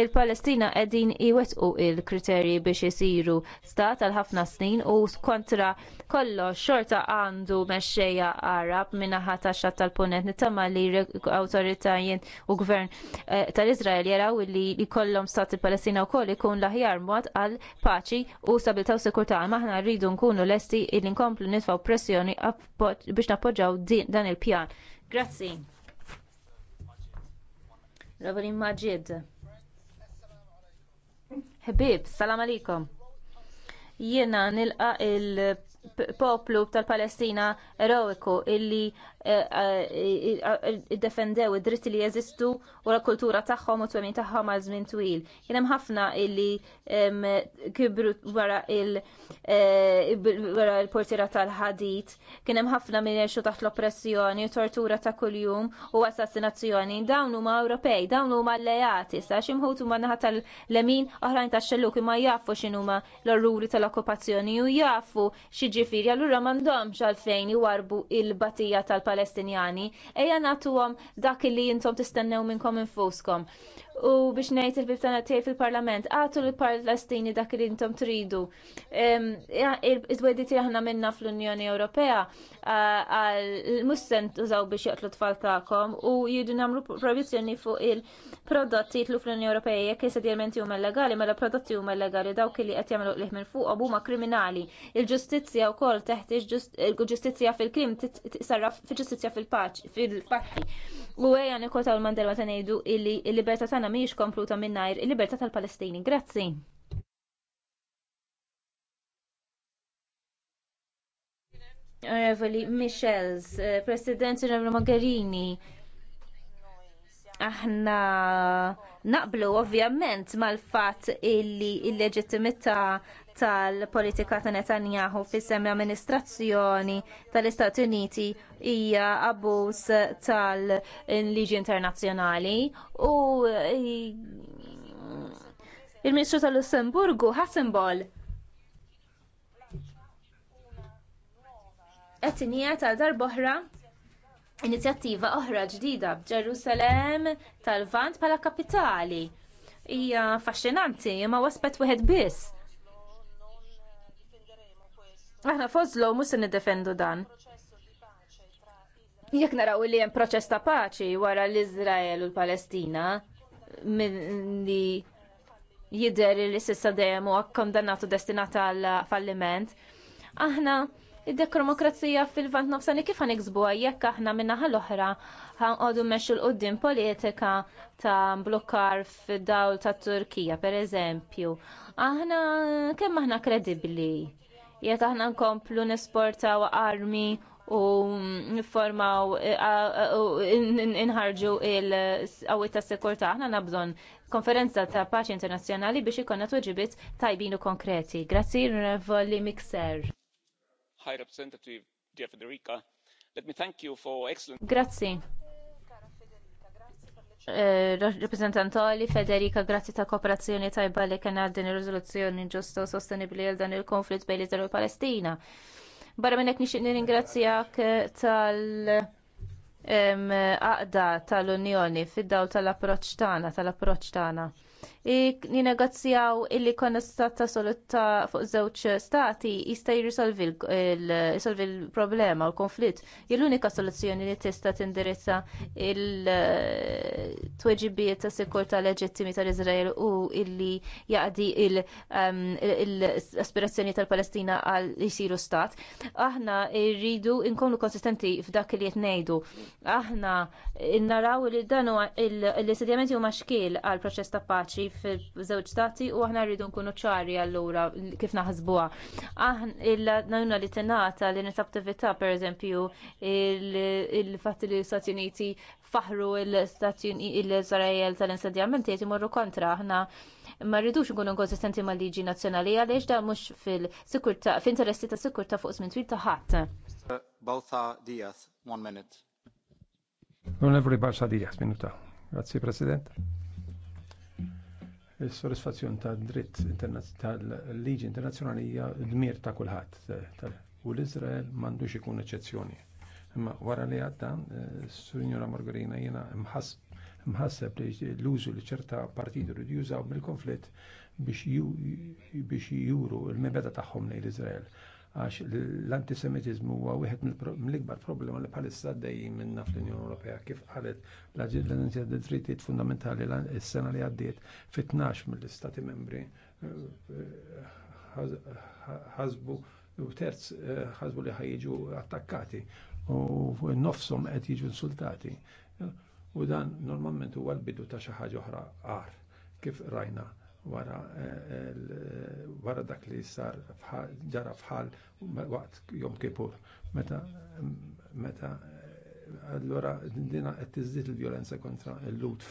il-Palestina qegħdin iwettqu l kriterji biex isiru stat għal ħafna snin u kontra kollox xorta għandu mexxejja Arab min-naħa tax-xatt tal-punent nittama li awtoritajiet u gvern eh, tal-Iżrael jaraw li jkollhom stat il-Palestina wkoll ikun l-aħjar mod għal paċi u stabilità u sikurtà. Maħna rridu nkunu lesti li nkomplu nitfaw pressjoni biex nappoġġaw dan il-pjan. Grazzi. Ravrin Majid. Ħbib, salam alikum. Jiena nilqa il poplu tal-Palestina eroiku illi Defendew id-dritti li jeżistu u l-kultura tagħhom u twemmin tagħhom għal żmien twil. Kien hemm ħafna illi kibru wara il-portira eh, tal-ħadit, kien hemm ħafna min jgħixu taħt l-oppressjoni, tortura ta' kuljum u assassinazzjoni. Dawn huma Ewropej, dawn huma alleati, sa ximħut huma naħa tal-lemin oħrajn tax-xelluk imma jafu x'inhuma l-orruri tal-okkupazzjoni u jafu xi ġifieri allura m'għandhomx għalfejn iwarbu il-batija tal palestinjani ejja nagħtuhom dak li jintom tistennew minnkom infuskom. U biex ngħid il bibtana tiegħi fil-Parlament, għatu l-Palestini dak li jintom tridu. Id-wedi aħna minna fl-Unjoni Ewropea għal-mussen tużaw biex jaqtlu tfal tagħkom u jidu nagħmlu provizjoni fuq il-prodotti jitlu fl-Unjoni Ewropea jekk sedjament huma legali, mela prodotti huma legali dawk li qed jagħmlu qlih minn fuq huma kriminali. Il-ġustizzja wkoll teħtieġ il-ġustizzja fil-krim tisarraf fil ġustizzja fil fil U għeja nikotaw l-mandelma ta' nejdu illi il-libertà tagħna mhijiex kompluta minnajr il-libertà tal-Palestini. Grazzi. Onorevoli Michels, eh, President Onorevoli Mogherini, aħna naqblu ovvjament mal-fatt illi il-leġittimità tal-politika ta' Netanyahu fis-semmi amministrazzjoni tal-Istati Uniti hija abbuż tal-liġi internazzjonali u il-Ministru tal-Lussemburgu ħassimbol qed tal darboħra inizjattiva oħra ġdida b'Ġerusalemm tal-Vant bħala kapitali. Hija affaxxinanti, imma waspet wieħed biss Aħna fozlo mus se niddefendu dan. Jekk naraw li hemm proċess ta' paċi wara l-Iżrael u l-Palestina li jidher li s'issa dejjem huwa kkondannatu destinat għal falliment, aħna id dekromokrazija fil-vant nofsani kif ħanikzbu jekk aħna min-naħa l-oħra ħanqodu meċu l-qoddim politika ta' blokkar fid-dawl ta' Turkija, per eżempju. Aħna kemm aħna kredibbli jekk aħna nkomplu nesportaw armi u nifformaw inħarġu il għawita ta' sekurtà aħna nabżon konferenza ta' paċi internazzjonali biex ikonna tuġibit tajbinu konkreti. Grazzi Revoli Mixer. Representative Federica, let me thank you for excellent. Grazzi Eh, rappresentantali Federica, grazzi ta' kooperazzjoni tajba li kena din ir-riżoluzzjoni ġusto u sostenibbli għal dan il-konflitt bejn l u Palestina. Barra minn hekk nixtieq nirringrazzjak eh, tal eh, għaqda tal-Unjoni fid-dawl tal-approċċ tagħna tal-approċċ tagħna ninegozjaw illi konna stat ta' solutta fuq żewġ stati jista' jirrisolvi l-problema, l-konflitt. L-unika soluzzjoni li tista' tindirizza il-tweġibiet ta' ta' leġittimi tal-Izrael u illi jaqdi um, l-aspirazzjoni tal-Palestina għal jisiru stat. Aħna rridu inkomlu konsistenti f'dak li qed ngħidu. Aħna naraw li dan l sedjamenti huma xkiel għal proċess ta' paċi paċi f'żewġ stati u aħna rridu nkunu ċari allura kif naħsbuha. Aħna il-najuna li tingħata l per pereżempju il fatti li l-Stati Uniti faħru il stati israel tal-insedjament jieti imorru kontra aħna ma rridux nkunu konsistenti mal-liġi nazzjonali għaliex da mhux fil-sikurtà f'interessi ta' sikurta fuq smin twil ta' ħadd. Balza Diaz, one minute. Onorevoli Balza Diaz, minuta. Grazie President is-sodisfazzjon tad dritt tal-liġi internazzjonali hija dmir ta' kulħadd u l-Iżrael m'għandux ikun eċċezzjoni. Imma wara li għadda, eh, Sinjora Margarina jiena mħasseb li l-użu li ċerta partitu rridu jużaw mill-konflitt biex juru l-mebeda tagħhom lejn l-Iżrael għax l-antisemitizmu huwa wieħed mill-ikbar problema li bħalissa dejjem minna fl-Unjoni Ewropea kif qalet l aġenzija tad drittijiet fundamentali s-sena li għaddiet fit-12 mill-Istati membri eh, eh, ħasbu u terz eh, ħasbu li ħajġu attakkati u nofsom qed jiġu insultati. U dan normalment huwa l-bidu ta' xi ħaġa oħra għar kif rajna wara eh, eh, wara dak li sar ġara fħal waqt Jom Kipur. Meta meta eh, allora dina qed tiżdied il-vjolenza kontra l-lut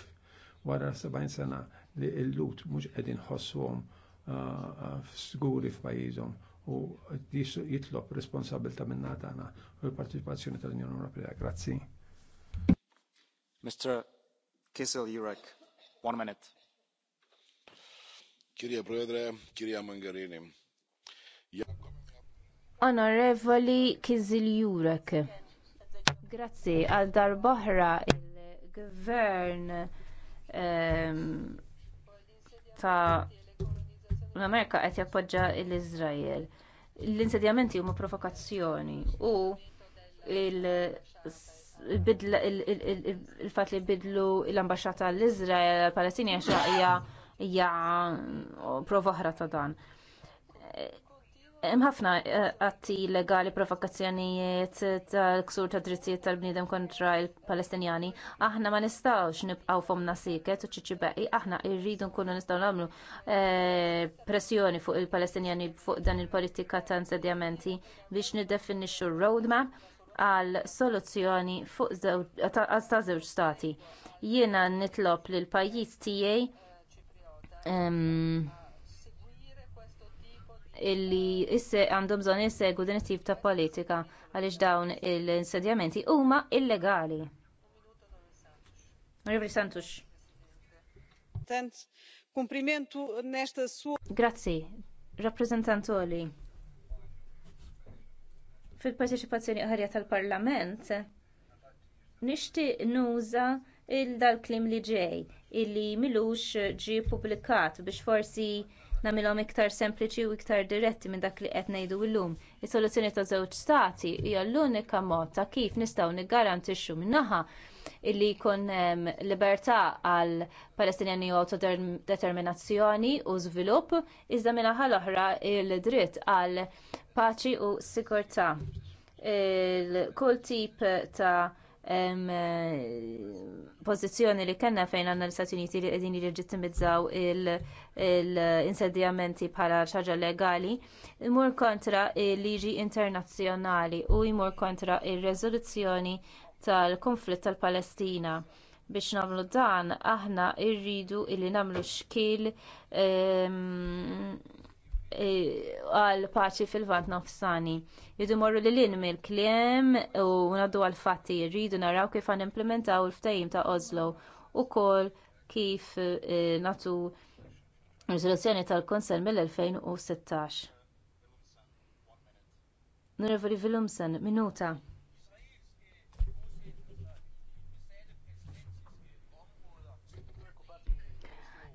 wara 70 sena li l-lut mhux qegħdin ħossuhom ah, ah, f'sguri f'pajjiżhom u jitlob responsabilta minna tagħna u l-partiċipazzjoni tal-Unjoni Ewropea. Grazzi. Mr. Kissel Jurek, one minute. Kirja Prodre, Kirja Mangarini. Onorevoli Kiziljurek, grazzi għal darboħra il-gvern um, ta' l-Amerika qed jappoġġa l izrael L-insedjamenti huma provokazzjoni u il-fatt li bidlu l-ambasċata l izrael għal palestini xaqja hija mm, prova oħra ta' dan. Hemm ħafna e, atti illegali provokazzjonijiet tal-ksur ta' drittijiet tal-bniedem kontra l-Palestinjani. Aħna ma nistgħux nibqgħu fomna siket u ċiċibeqi, aħna rridu nkunu nistgħu nagħmlu e, pressjoni fuq il-Palestinjani fuq dan il-politika ta' insedjamenti biex niddefinixxu roadmap għal soluzzjoni fuq ta' żewġ stati. Jiena nitlob lill pajjiż tiegħi illi għandhom bżonn jissegu din it-tip ta' politika għaliex dawn il-insedjamenti huma illegali. Santux. Tent, Kumprimentu nesta su. Grazzi, rappresentantoli. Fil-parteċipazzjoni ħarja tal-Parlament, nixtieq nuża il-dal-klim li ġej illi milux ġie ppubblikat biex forsi nagħmilhom iktar sempliċi u iktar diretti minn dak li qed ngħidu llum. Is-soluzzjoni ta' żewġ stati hija l-unika mod ta' kif nistgħu niggarantixxu min-naħa illi jkun ehm, libertà għal Palestinjani u autodeterminazzjoni u żvilupp iżda minnaħa l-oħra il-dritt għal paċi u sikurtà. Kull tip ta' Eh, pożizzjoni li kellna fejn għandna l-Istati Uniti li qegħdin jirġittimizzaw l-insedjamenti bħala ċaġa legali, imur kontra liġi internazzjonali u jmur kontra il-rezoluzzjoni tal-konflitt tal-Palestina. Biex nagħmlu dan, aħna rridu li nagħmlu xkil E, għal paċi fil-vant nofsani. Jidu morru li l-in mil kliem u naddu għal fatti jirridu naraw kif għan implementaw il-ftajim ta' Oslo u kol kif e, natu rizoluzzjoni tal-Konsel mill-2016. Nurevoli Vilumsen, minuta.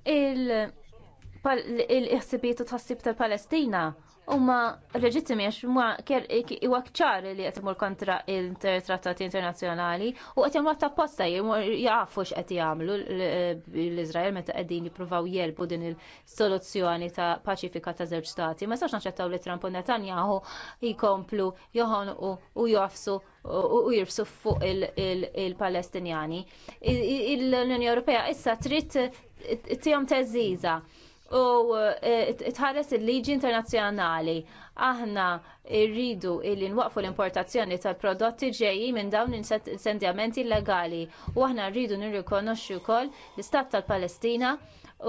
il il-ħsibiet u tħassib tal-Palestina huma leġittimi għax huwa ċar li qed l kontra il-trattati internazzjonali u qed jagħmlu tapposta jafu x'qed jagħmlu l izrael meta qegħdin jippruvaw jelbu din il-soluzzjoni ta' paċifika ta' żewġ stati. Ma sax naċċettaw li Trump u Netanyahu jkomplu joħonqu u jofsu u jirfsu fuq il-Palestinjani. L-Unjoni Ewropea issa trid tijom teżiża u eh, tħares il-liġi internazzjonali. Aħna rridu illi nwaqfu l-importazzjoni tal-prodotti ġejji minn dawn l-insendjamenti illegali u aħna rridu nirrikonoxxu wkoll l-istat tal-Palestina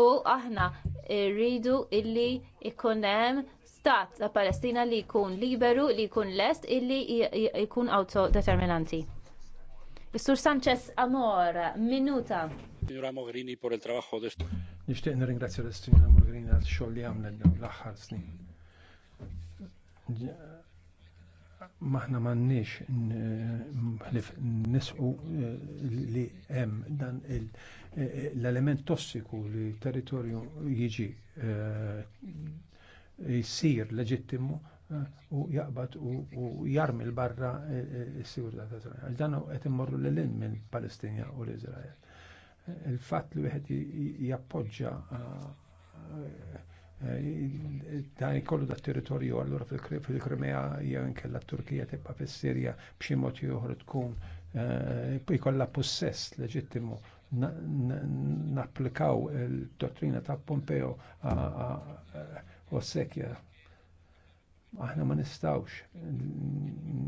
u aħna rridu illi ikun hemm stat ta' Palestina li jkun liberu, li jkun lest, illi jkun autodeterminanti. Is-Sur Sanchez Amor, minuta. Signora Mogherini, por il trabajo de... Nixtieq nirringrazzja l-Istinja Murgrina għal xogħol li għamlet l-aħħar snin. Maħna m'għandniex nisqu eh, li hemm dan eh, l-element tossiku li territorju jiġi eh, jsir leġittimu u jaqbad u jarmi l-barra s-sigurtà ta' Dan qed immorru l-lin minn Palestinja u l-Iżrael il fat li wieħed jappoġġja dan ikollu da' territorju allura fil-Krimea jew inkella turkija tibqa' fis-Sirja b'xi mod ieħor tkun jkollha possess leġittimu napplikaw il-dottrina ta' Pompeo u s-sekja aħna ma nistawx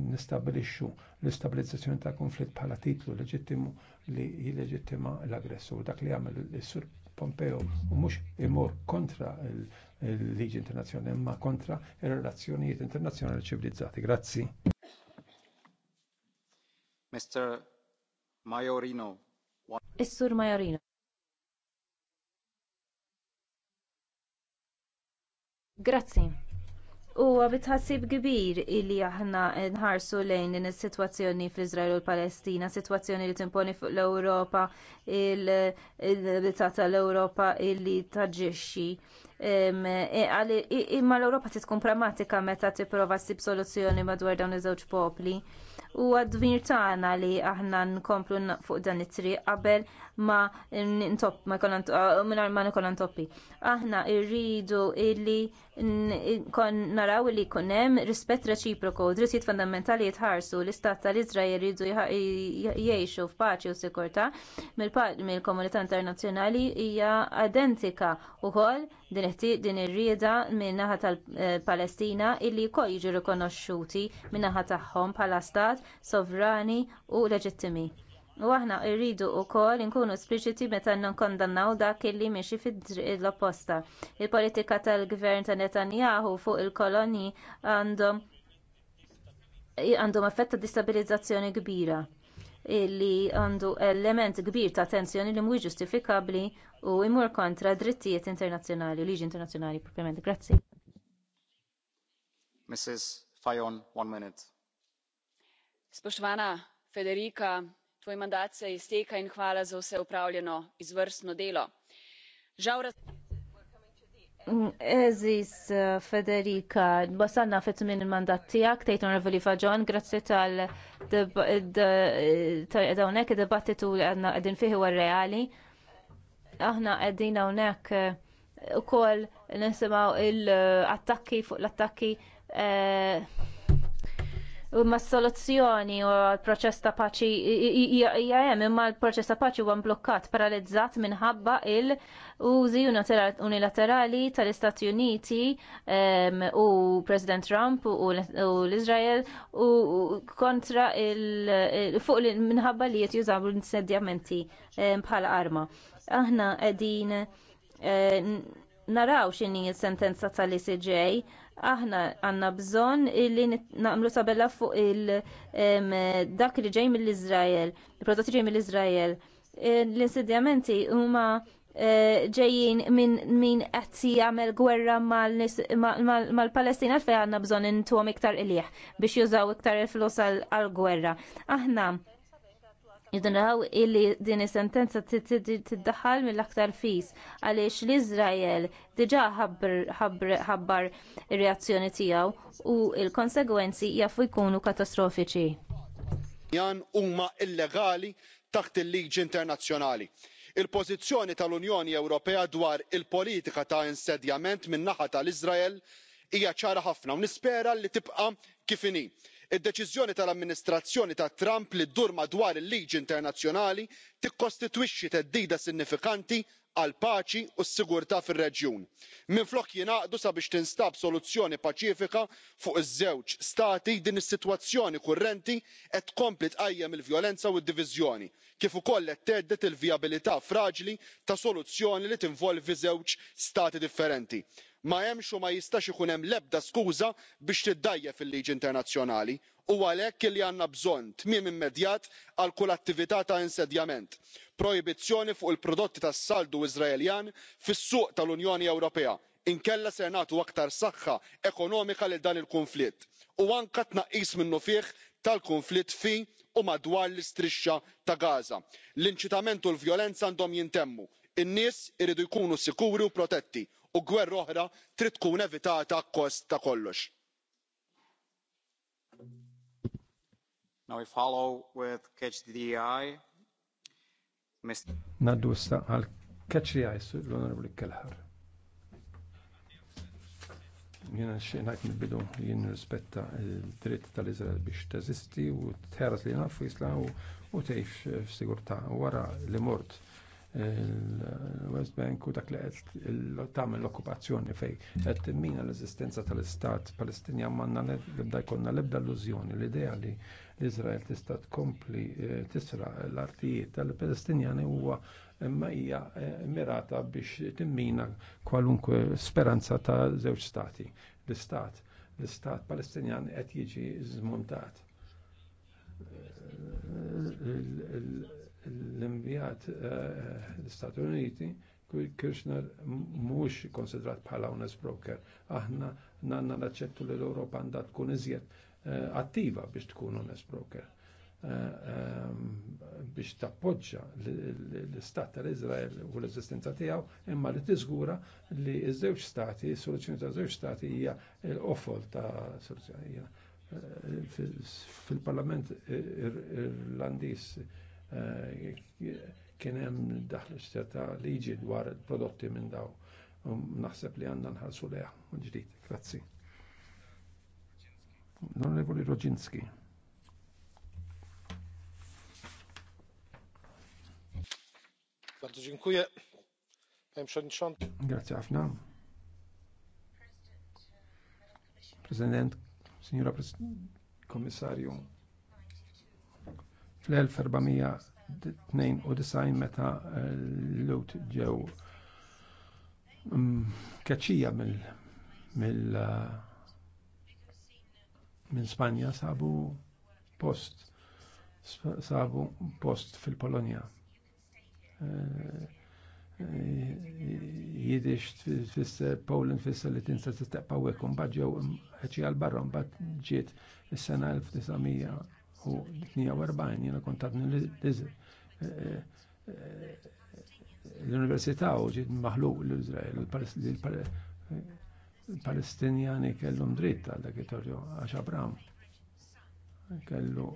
nistabilixxu l-istabilizzazzjoni ta' konflitt bħala titlu leġittimu li jileġittima l-aggressur. Dak li għamel is-Sur Pompeo u mhux imur kontra l-liġi internazzjonali imma kontra ir-relazzjonijiet internazzjonali ċivilizzati. Grazzi. Mr. Majorino. Is-Sur Majorino. Grazzi. Huwa bitħassib kbir illi aħna nħarsu lejn din is-sitwazzjoni fl-Iżrael u l-Palestina, sitwazzjoni li timponi fuq l-Ewropa, il-bitata l-Ewropa illi taġġixxi. E, imma l-Ewropa titkun pragmatika meta tipprova ssib soluzzjoni madwar dawn iż-żewġ popli. U għadvir tagħna li aħna nkomplu fuq dan it-triq qabel ma ntop ma uh, minar ma nkollna toppi. Aħna rridu illi kon naraw illi jkun hemm rispett reċiproku, drittijiet fundamentali jitħarsu l-istat tal izrael jridu jgħixu f'paċi u sikurtà mill-komunità internazzjonali hija identika ukoll din ir-rieda min-naħa tal-Palestina illi jkoll jiġu rikonoxxuti min-naħa tagħhom bħala stat sovrani u leġittimi. U aħna rridu wkoll inkunu spliċiti meta nkondannaw dak illi fid l opposta Il-politika tal-gvern ta' Netanyahu fuq il-koloni għandhom għandhom effett ta' distabilizzazzjoni kbira li għandu element kbir ta' tensjoni li mhuwiex ġustifikabbli u jmur kontra drittijiet internazzjonali u liġi internazzjonali propjament. Grazzi. Mrs. Fajon, one minute. Spoštovana Federica, svoj mandat se izteka in hvala za vse opravljeno izvrstno delo. žal Eżis eh, Federica, wasalna fit minn il-mandat tijak, tejt onorevoli Faġon, grazzi tal dawnek id-dibattitu li għadna għedin fiħi reali. Aħna għedin għonek eh, u koll nisimaw attakki fuq l-attakki eh, ma soluzzjoni u l-proċess ta' paċi hija hemm imma l-proċess ta' paċi huwa mblukkat paralizzat minħabba il użi unilaterali tal-Istati Uniti u President Trump u l-Izrael u kontra il fuq minħabba li qed jużaw l-insedjamenti bħala arma. Aħna qegħdin eh, naraw x'inhi il sentenza tal-ICJ aħna għanna bżon illi naqmlu tabella fuq il dak li ġej mill-Izrael, il-prodotti ġej mill-Izrael. E, l-insedjamenti huma e, ġejjin minn min qed jagħmel gwerra mal-Palestina fejn għandna bżonn intuhom iktar ilieħ biex jużaw iktar il-flus għall-gwerra. Aħna jidnaw illi din sentenza t tiddaħħal mill-aktar fis għaliex l-Iżrael diġà ħabbar reazzjoni tiegħu u l-konsegwenzi jafu jkunu katastrofiċi. Jan umma illegali taħt il-liġi internazzjonali. Il-pożizzjoni tal-Unjoni Ewropea dwar il-politika ta' insedjament min-naħa tal-Iżrael hija ċara ħafna u nispera li tibqa' kif inhi id-deċiżjoni tal-amministrazzjoni ta' trump li ddur madwar il-liġi internazzjonali tikkostitwixxi theddida sinifikanti għal paċi u s-sigurtà fir-reġjun minflok jingħaqdu sabiex tinstab soluzzjoni paċifika fuq iż-żewġ stati din is-sitwazzjoni kurrenti qed tkompli tqajjem il vjolenza u d-diviżjoni kif ukoll qed thedded il vijabilità fraġli ta' soluzzjoni li tinvolvi żewġ stati differenti ma hemmx u ma jistax ikun hemm l-ebda skuża biex tiddajjef il-liġi internazzjonali u għalhekk illi għandna bżonn tmiem immedjat għal kull attività ta' insedjament projbizzjoni fuq il prodotti tas-saldu iżraeljan fis-suq tal-unjoni ewropea inkella se nagħtu aktar saħħa ekonomika lil dan il-kunflitt u anke tnaqqis minnu fih tal kunflitt fi u madwar l istrixxa ta' gaza. l inċitament u l vjolenza għandhom jintemmu in-nies iridu jkunu sikuri u protetti u gwerra oħra trid tkun evitata kost ta' kollox. ngħaddu issa għal catch the eye l-onorevoli kelleher jiena ngħid mill-bidu li nirrispetta d-dritt tal biex teżisti u li nafu u wara li mort il-West Bank u dak li għed tagħmel l-okkupazzjoni fej qed timmina l-eżistenza tal-Istat Palestinjan manna l-ebda jkonna l-ebda illużjoni l-idea li l-Iżrael tista' tkompli eh, tisra l-artijiet tal-Palestinjani huwa imma eh, mirata biex timmina kwalunkwe speranza ta' żewġ stati. L-istat, l-istat Palestinjan qed jiġi zmontat eh, l-imbjat l-Stati Uniti Kirchner mhux konsidrat bħala unes broker. Aħna nanna naċċettu li l-Europa għandha tkun iżjed attiva biex tkun Unes broker. Biex tappoġġa l-istat tal-Izrael u l-eżistenza tiegħu imma li tiżgura li ż-żewġ stati, soluzzjoni ta' żewġ stati hija l-offol ta' soluzzjoni. Fil-Parlament Irlandiż kien hemm daħlu ta' liġi dwar il prodotti minn daw. Naħseb li għandna nħarsu leha ġdid. Grazzi. L-Onorevoli Roġinski. Bardzo dziękuję. Panie Przewodniczący. Grazie Afna. Prezydent, Signora Komissarju, fl-1492 meta l-lut eh, ġew mm, kaċija mill minn eh, Spanja sabu post sabu post fil-Polonja. Eh, jidix tfisser Poland tfisser li tinsa tistaqpa wekum bad ġew mm, ħeċi għal barra mbagħad ġiet is-sena 1900 u 48 jena kontat l-Università u ġiet maħluq l-Izrael, l-Palestinjani kellhom dritt għal dak it-torju għax Abram kellu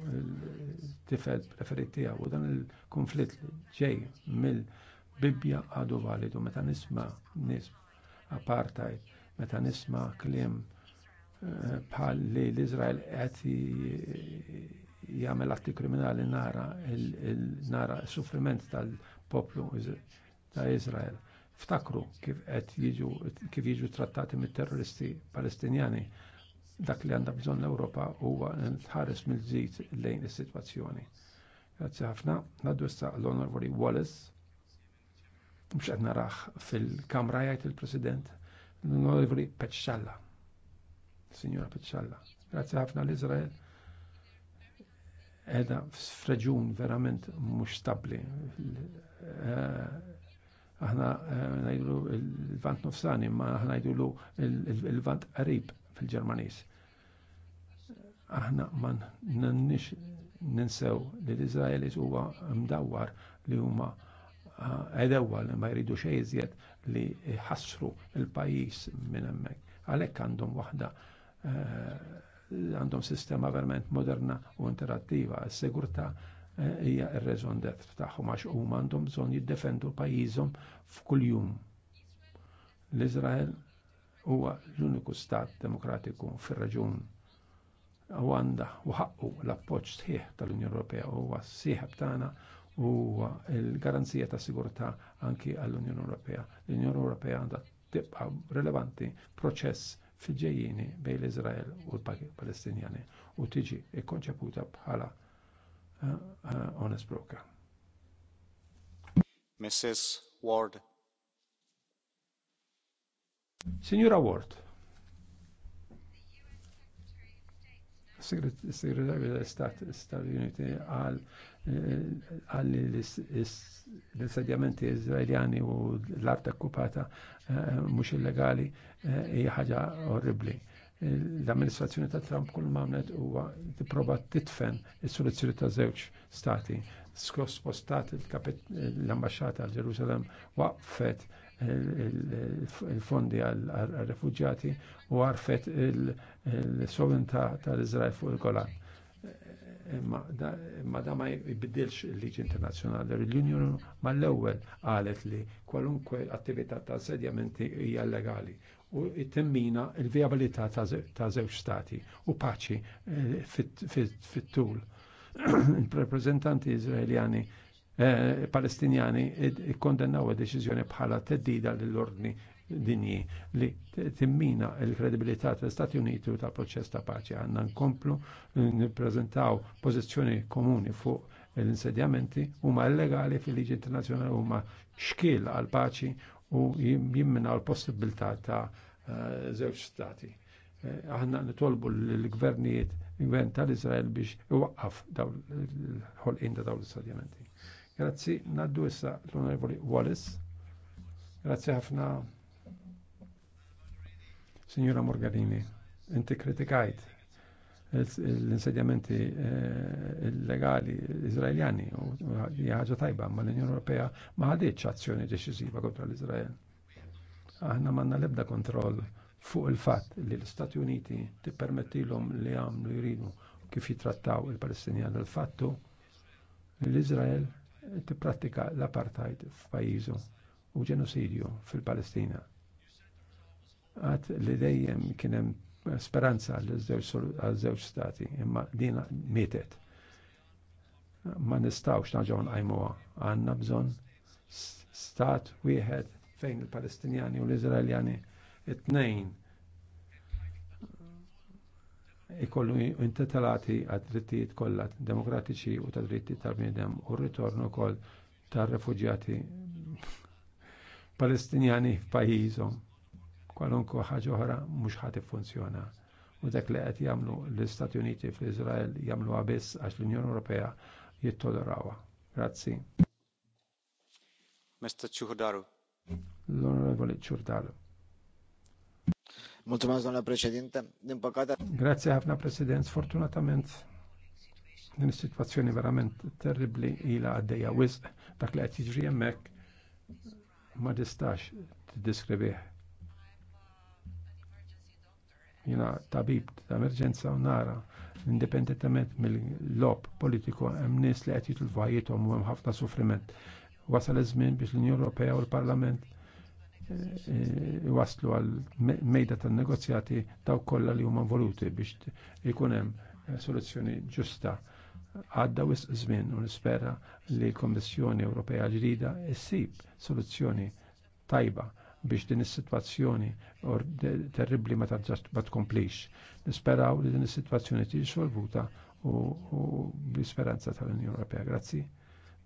tifed preferit tiegħu u dan il-konflitt ġej mill-Bibja għadu validu meta nisma' nies apartheid, meta nisma' kliem eh, bħal li l-Izrael qed jagħmel atti kriminali nara nara s-suffriment tal-poplu ta' Izrael. Ftakru kif qed jiġu kif jiġu trattati mit-terroristi Palestinjani dak li għandha bżonn l-Ewropa huwa tħares mill ġid lejn is-sitwazzjoni. Grazzi ħafna, naddu issa l-Onorevoli Wallace. Mhux qed narah fil-Kamra jgħid il-President l-Onorevoli Peċċalla. Signora Peċċalla. Grazzi ħafna l-Izrael edha f'reġun verament mhux stabbli. Eh, aħna eh, ngħidlu l-vant nofsani, ma aħna ngħidlu l-vant qarib fil-Ġermaniż. Aħna ma nannix ninsew li l-Iżraelis huwa mdawwar li huma għedewa eh, li ma jridu xejn iżjed li ħassru l-pajjiż minn hemmhekk. Għalhekk għandhom waħda għandhom sistema verament moderna u interattiva. s s-segurta eh, hija r-reżon d'etr tagħhom għax huma għandhom bżonn jiddefendu pajjiżhom f'kull jum. l izrael huwa l-uniku stat demokratiku fir-reġun u għanda u ħakku l-appoġġ sħiħ tal-Unjoni Ewropea huwa sħiħ tagħna u l-garanzija ta' sigurtà anki għall-Unjoni Ewropea. L-Unjoni Ewropea għandha tibqa' rilevanti proċess fil-ġejjini bej l-Izrael u l-Palestinjani u tiġi ikkonċeputa bħala eh, eh, honest broker. Mrs. Ward. Signora Ward. Segretarju tal-Istat Stati uniti għal eh, għalli l-insedjamenti izraeljani u l-art okkupata mhux illegali Eh, hija ħaġa orribli. L-amministrazzjoni ta' Trump kull għamlet huwa tipprova titfen is-soluzzjoni ta' żewġ stati. Skos postat l-ambasċata għal Ġerusalem waqfet il-fondi għal-refugġati u għarfet il-sovranità tal-Izrael fuq il-Golan. Ma da ma jibdilx il-liġi internazzjonali. L-Unjoni mal ewwel qalet li kwalunkwe attività ta' sedjamenti hija legali u temmina il-viabilità ta' żewġ stati u paċi eh, fit-tul. Il-reprezentanti Izraeljani eh, Palestinjani kondennaw id-deċiżjoni bħala teddida lill-ordni dinji li timmina il-kredibilità tal-Stati Uniti u tal-proċess ta' paċi. Għanna nkomplu nippreżentaw pożizzjoni komuni fuq l-insedjamenti huma illegali fil-liġi internazzjonali huma xkil għal paċi u jimmina l-possibilità ta' eh, zewċ stati. Eh, aħna nitolbu l-gvernijiet, l-gvern tal-Izrael biex iwaqqaf daw l-ħolqin ta' daw l-istadjamenti. Grazzi, naddu issa l-Onorevoli Wallace. Grazzi ħafna, Signora Morganini. Inti kritikajt l-insedjamenti eh, illegali izraeljani u ħaġa tajba, ma l-Unjoni Ewropea ma ħadiċ azzjoni deċiżiva kontra l-Izrael. Aħna manna lebda kontroll fuq il-fatt li l-Stati Uniti tippermettilhom li għamlu jridu kif jitrattaw il-Palestinjan il-fattu l-Izrael tipprattika l-apartheid f'pajjiżu u ġenosidju fil-Palestina. Għad li dejjem kienem speranza għal-żewġ stati, imma din mietet. Ma nistawx naġaw nqajmuha, għandna bżonn stat wieħed fejn il-Palestinjani u l-Izraeljani it-tnejn ikollu intetalati għad drittijiet kollha demokratiċi u ta' dritti tal-bniedem u ritornu wkoll tar-refuġjati Palestinjani f'pajjiżhom kwalunkwe ħaġa oħra mhux ħadd iffunzjona. U dak li qed jagħmlu l-Istati Uniti fl-Iżrael jagħmlu biss għax l-Unjoni Ewropea jittolerawha. Grazzi. Mr. Ciuhdaru. l onorevoli Ciuhdaru. Mulțumesc, doamna la Din păcate... Grazie, ħafna president. Sfortunatament, din is-sitwazzjoni verament terribli ila għaddejja wisq dak li qed jiġri ma ma tistax tiddiskribbih Jina tabib ta' emerġenza u nara indipendentament mill-lob politiku hemm nies li qed jitlu ħajjithom u hemm ħafna suffriment. Wasal iż-żmien biex l-Unjoni Ewropea u l-Parlament eh, eh, waslu għal mejda tan-negozjati taw kollha li huma voluti biex ikun hemm eh, soluzzjoni ġusta għadda wisq żmien u nispera li l-Kommissjoni Ewropea ġdida issib soluzzjoni tajba biex din is-sitwazzjoni terribbli ma tkomplix. Nisperaw li din is-sitwazzjoni tiġi solvuta u bl-isperanza tal-Unjoni Ewropea. Grazzi.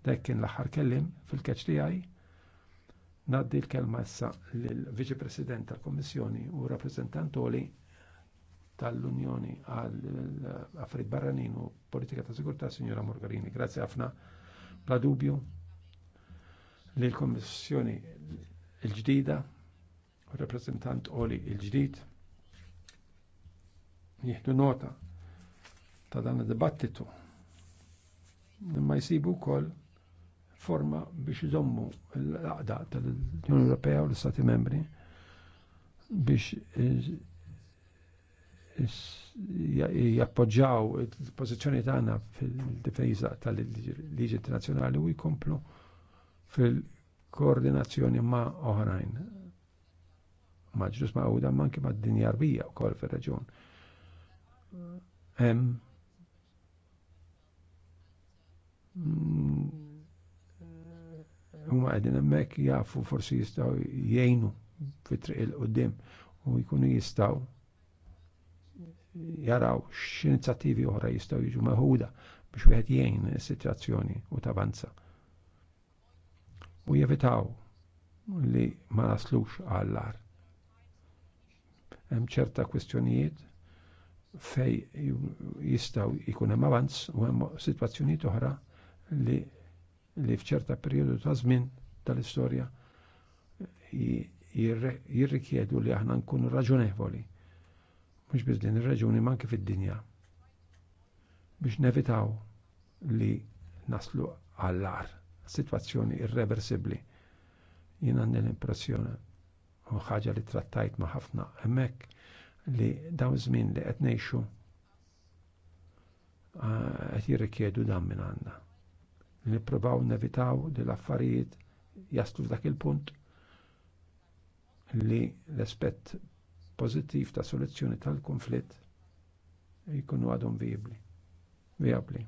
Dak kien l-aħħar kellim fil-keċ tiegħi. Naddi l-kelma issa lill-Viċi President tal-Kommissjoni u rappreżentantoli tal-Unjoni għal affarijiet barranin u politika ta' sigurtà Sinjora Morgarini. Grazzi ħafna. Bla dubju li l-Kommissjoni il-ġdida, reprezentant oli il-ġdid, jieħdu nota ta' dan id-dibattitu. Imma jsibu wkoll forma biex iżommu l-aqda tal-Unjoni Ewropea u l-Stati membri biex jappoġġaw il-pożizzjoni tagħna fil-difeża tal-liġi internazzjonali u jkomplu fil- koordinazzjoni ma' oħrajn. Ma' ġus ma' għuda manki ma' dinja arbija u kol fil-reġun. Mm, huma għedin emmek jafu forsi jistaw jgħinu fit il qoddim u jkunu jistgħu jaraw x'inizjattivi oħra jistgħu jiġu meħuda biex wieħed jgħin is-sitwazzjoni u tavanza u jevitaw li ma naslux għallar. Hemm ċerta kwistjonijiet fej jistaw ikun hemm avanz u hemm sitwazzjonijiet oħra li li f'ċerta perjodu ta' żmien tal-istorja jirrikjedu li aħna nkunu raġunevoli. Mhux biss din ir-raġuni manki fid-dinja. Biex nevitaw li naslu għall-ar situazzjoni irreversibli. Jien għandi l-impressjoni u ħaġa li trattajt ma' ħafna hemmhekk li dawn żmien li qed ngħixu ah, qed jirrikjedu dan minn għandna. Nippruvaw nevitaw li l-affarijiet jaslu f'dak il-punt li l-aspett pożittiv ta' soluzzjoni tal-konflitt jkunu għadhom viabli. viabli.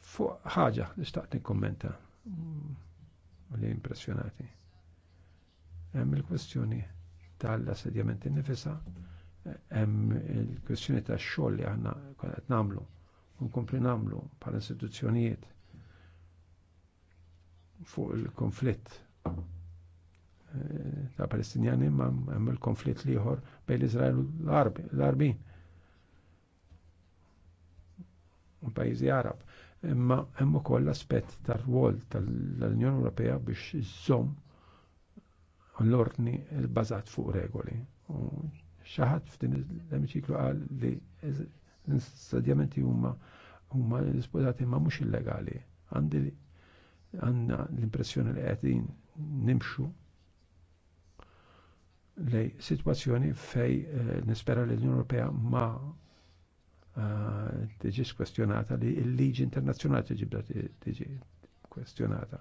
Fuq ħaġa li xtaqt nikkommenta mm, li impressjonati. Hemm il-kwestjoni tal-assedjamenti nifisa, hemm il-kwestjoni tax-xogħol li aħna qed nagħmlu u nkompli nagħmlu bħala istituzzjonijiet fuq il-konflitt eh, ta' Palestinjani ma' hemm il-konflitt liħor bejn l-Izrael u l-Arbin. U pajjiżi Arab imma hemm ukoll l-aspett tar-rwol tal-Unjoni Ewropea biex iżżomm l-ordni bbażat fuq regoli. U ħadd f'din l-emiċiklu qal li l insedjamenti huma huma l-isposati ma mhux illegali. Għandi għandna l-impressjoni li qegħdin nimxu lej situazzjoni fej eh, nispera l-Unjoni Ewropea ma Ah, tiġi skwestjonata li il liġi internazzjonali tiġi tiġi kwestjonata.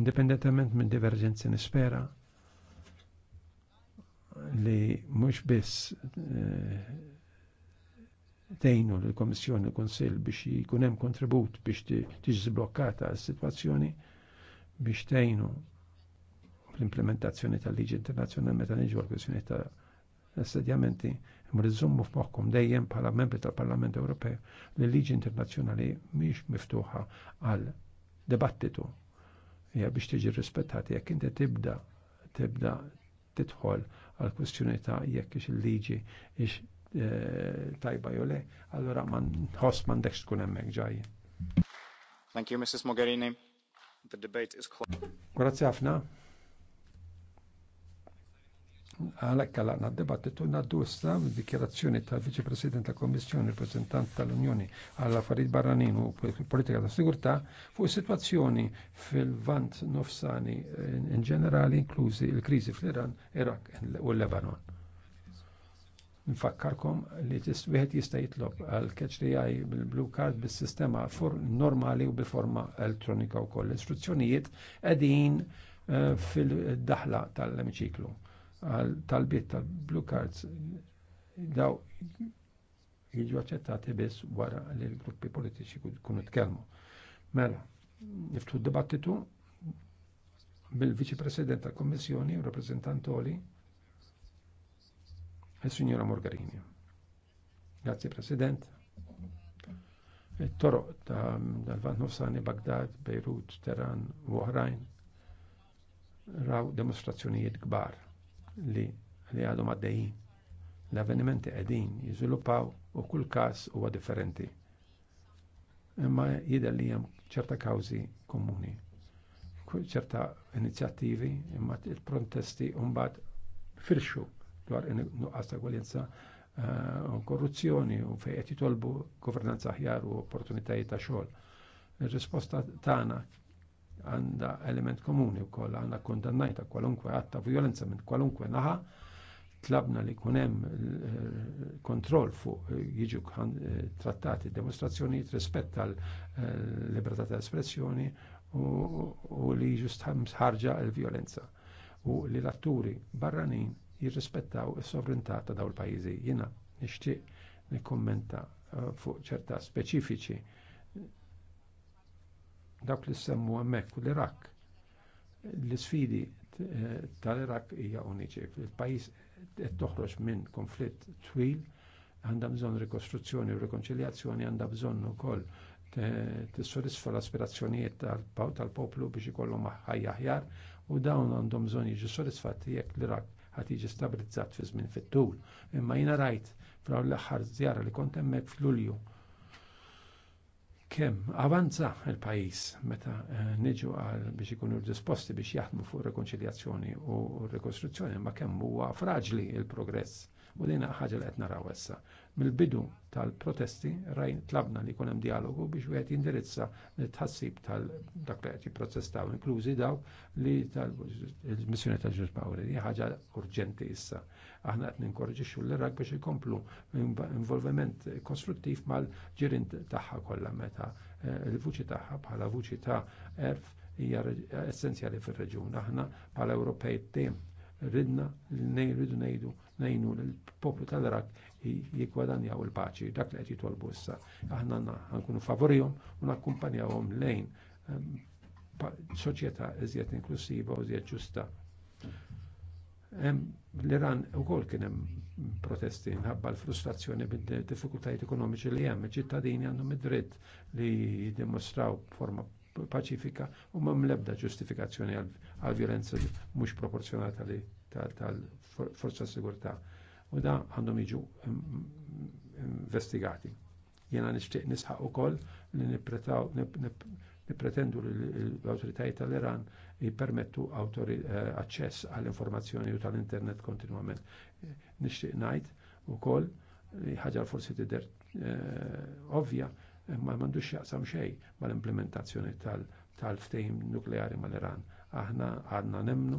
Indipendentament minn divergenzi nispera li mhux biss eh, tejnu l-Komissjoni l konsil biex jkun hemm kontribut biex tiġi zblokkata s-sitwazzjoni biex tejnu l-implementazzjoni tal-liġi internazzjonali meta niġu għal-kwestjoni ta' assedjamenti Imma riżommu f'moħħkom dejjem bħala membri tal-Parlament Ewropew li l-liġi internazzjonali mhix miftuħa għal dibattitu hija biex tiġi rispettati jekk inti tibda tibda tidħol għal kwestjoni ta' jekk ix il-liġi ix eh, tajba jole, le, allora man ħoss m'għandekx tkun hemmhekk ġajja. Thank you, Mrs. Mogherini. The debate is closed. Grazie ħafna. Għalhekk għalaqna d-debattitu naddu issa dikjerazzjoni ta' viċi President tal-Kommissjoni Rappreżentant tal-Unjoni għal affarijiet barranin u politika ta' sigurtà fuq situazzjoni sitwazzjoni fil-vant nofsani eh, in ġenerali inklużi l-kriżi fl-Iran, Iraq u l-Lebanon. Nfakkarkom li wieħed jista' jitlob għal KHDI bil-blue card bis-sistema normali u bi forma elettronika wkoll. L-istruzzjonijiet qegħdin eh, fil-daħla tal-emiċiklu għal talbiet tal-blue cards daw jiġu aċċettati biss wara li l-gruppi politiċi kunu tkellmu. Mela, niftu d-dibattitu bil-Viċi President tal-Kommissjoni u rappresentantoli il-Signora Morgarini. Grazie President. il toro tal-Vant Nofsani, Bagdad, Beirut, Teheran u oħrajn raw demonstrazzjonijiet kbar li li għadhom għaddejjin. L-avvenimenti għedin jiżviluppaw u kull kas huwa differenti. Imma jidher li hemm ċerta kawżi komuni. Kull ċerta inizjattivi imma il-protesti mbagħad firxu dwar nuqqas ta' gwaljenza eh, u korruzzjoni u fejn qed jitolbu governanza aħjar u opportunitajiet ta' xogħol. Ir-risposta tagħna għandha element komuni wkoll għanna kundannajta kwalunkwe għatta ta' violenza minn kwalunkwe naħa tlabna li jkun hemm eh, kontroll fuq eh, jiġu eh, trattati demonstrazzjonijiet rispetta għal libertà ta' espressjoni u li jiġu ħarġa l-violenza u li l-atturi barranin jirrispettaw is-sovrintà ta' dawn pajizi pajjiżi Jiena nixtieq kommenta fuq ċerta speċifiċi dawk li semmu hemmhekk u l irak L-isfidi eh, tal irak hija uniċi. Il-pajjiż qed toħroġ minn konflitt twil għandha bżonn rikostruzzjoni u rikonċiljazzjoni għandha bżonn ukoll tissodisfa l-aspirazzjonijiet tal-poplu biex ikollhom ħajja aħjar u dawn għandhom bżonn jiġu sodisfatti jekk l irak ħad jiġi stabilizzat fi żmien fit-tul. Imma jiena rajt fl l-aħħar żjara li kont hemmhekk f'Lulju kemm avanza il-pajis meta eh, niġu għal biex ikunu disposti biex jaħdmu fuq rekonċiljazzjoni u rekostruzzjoni ma kemm huwa fraġli il-progress. U li ħaġa li qed naraw issa. Mill-bidu tal-protesti rajn tlabna li jkun hemm dialogu biex wieħed jindirizza l-tħassib tal-dak li qed jiprotestaw inklużi daw li tal-missjoni tal-Ġus Pawri. ħaġa urġenti issa. Aħna qed xull l-Irak biex ikomplu involviment konstruttiv mal ġirin tagħha kollha meta eh, il-vuċi tagħha bħala vuċi ta' erf hija essenzjali fir-reġjun. Aħna bħala Ewropej tim ridna nejridu nejdu nejnu l-poplu tal-Irak jikwadanjaw il-paċi, dak li qed jitolbu issa. Aħna nkunu favorijom u nakkumpanjawhom lejn ehm, soċjetà iżjed inklusiva u iżjed ġusta. Ehm, L-Iran ukoll kien hemm protesti nħabba l-frustrazzjoni bid-diffikultajiet ekonomiċi li hemm, iċ-ċittadini għandhom id-dritt li jidimostraw. forma paċifika u ma mlebda ġustifikazzjoni għal violenza mhux proporzjonata li tal-forza sigurtà. U da għandhom jiġu investigati. Jena nixtieq nisħaq ukoll li nippretendu li l autoritajiet tal-Iran jipermettu eh, aċċess għall-informazzjoni u tal-internet kontinwament. Nixtieq ngħid ukoll ħaġa forsi tidher eh, ovvja ma m'għandux jaqsam xejn mal-implementazzjoni tal-ftehim nukleari mal-Iran. Aħna għadna nemmnu.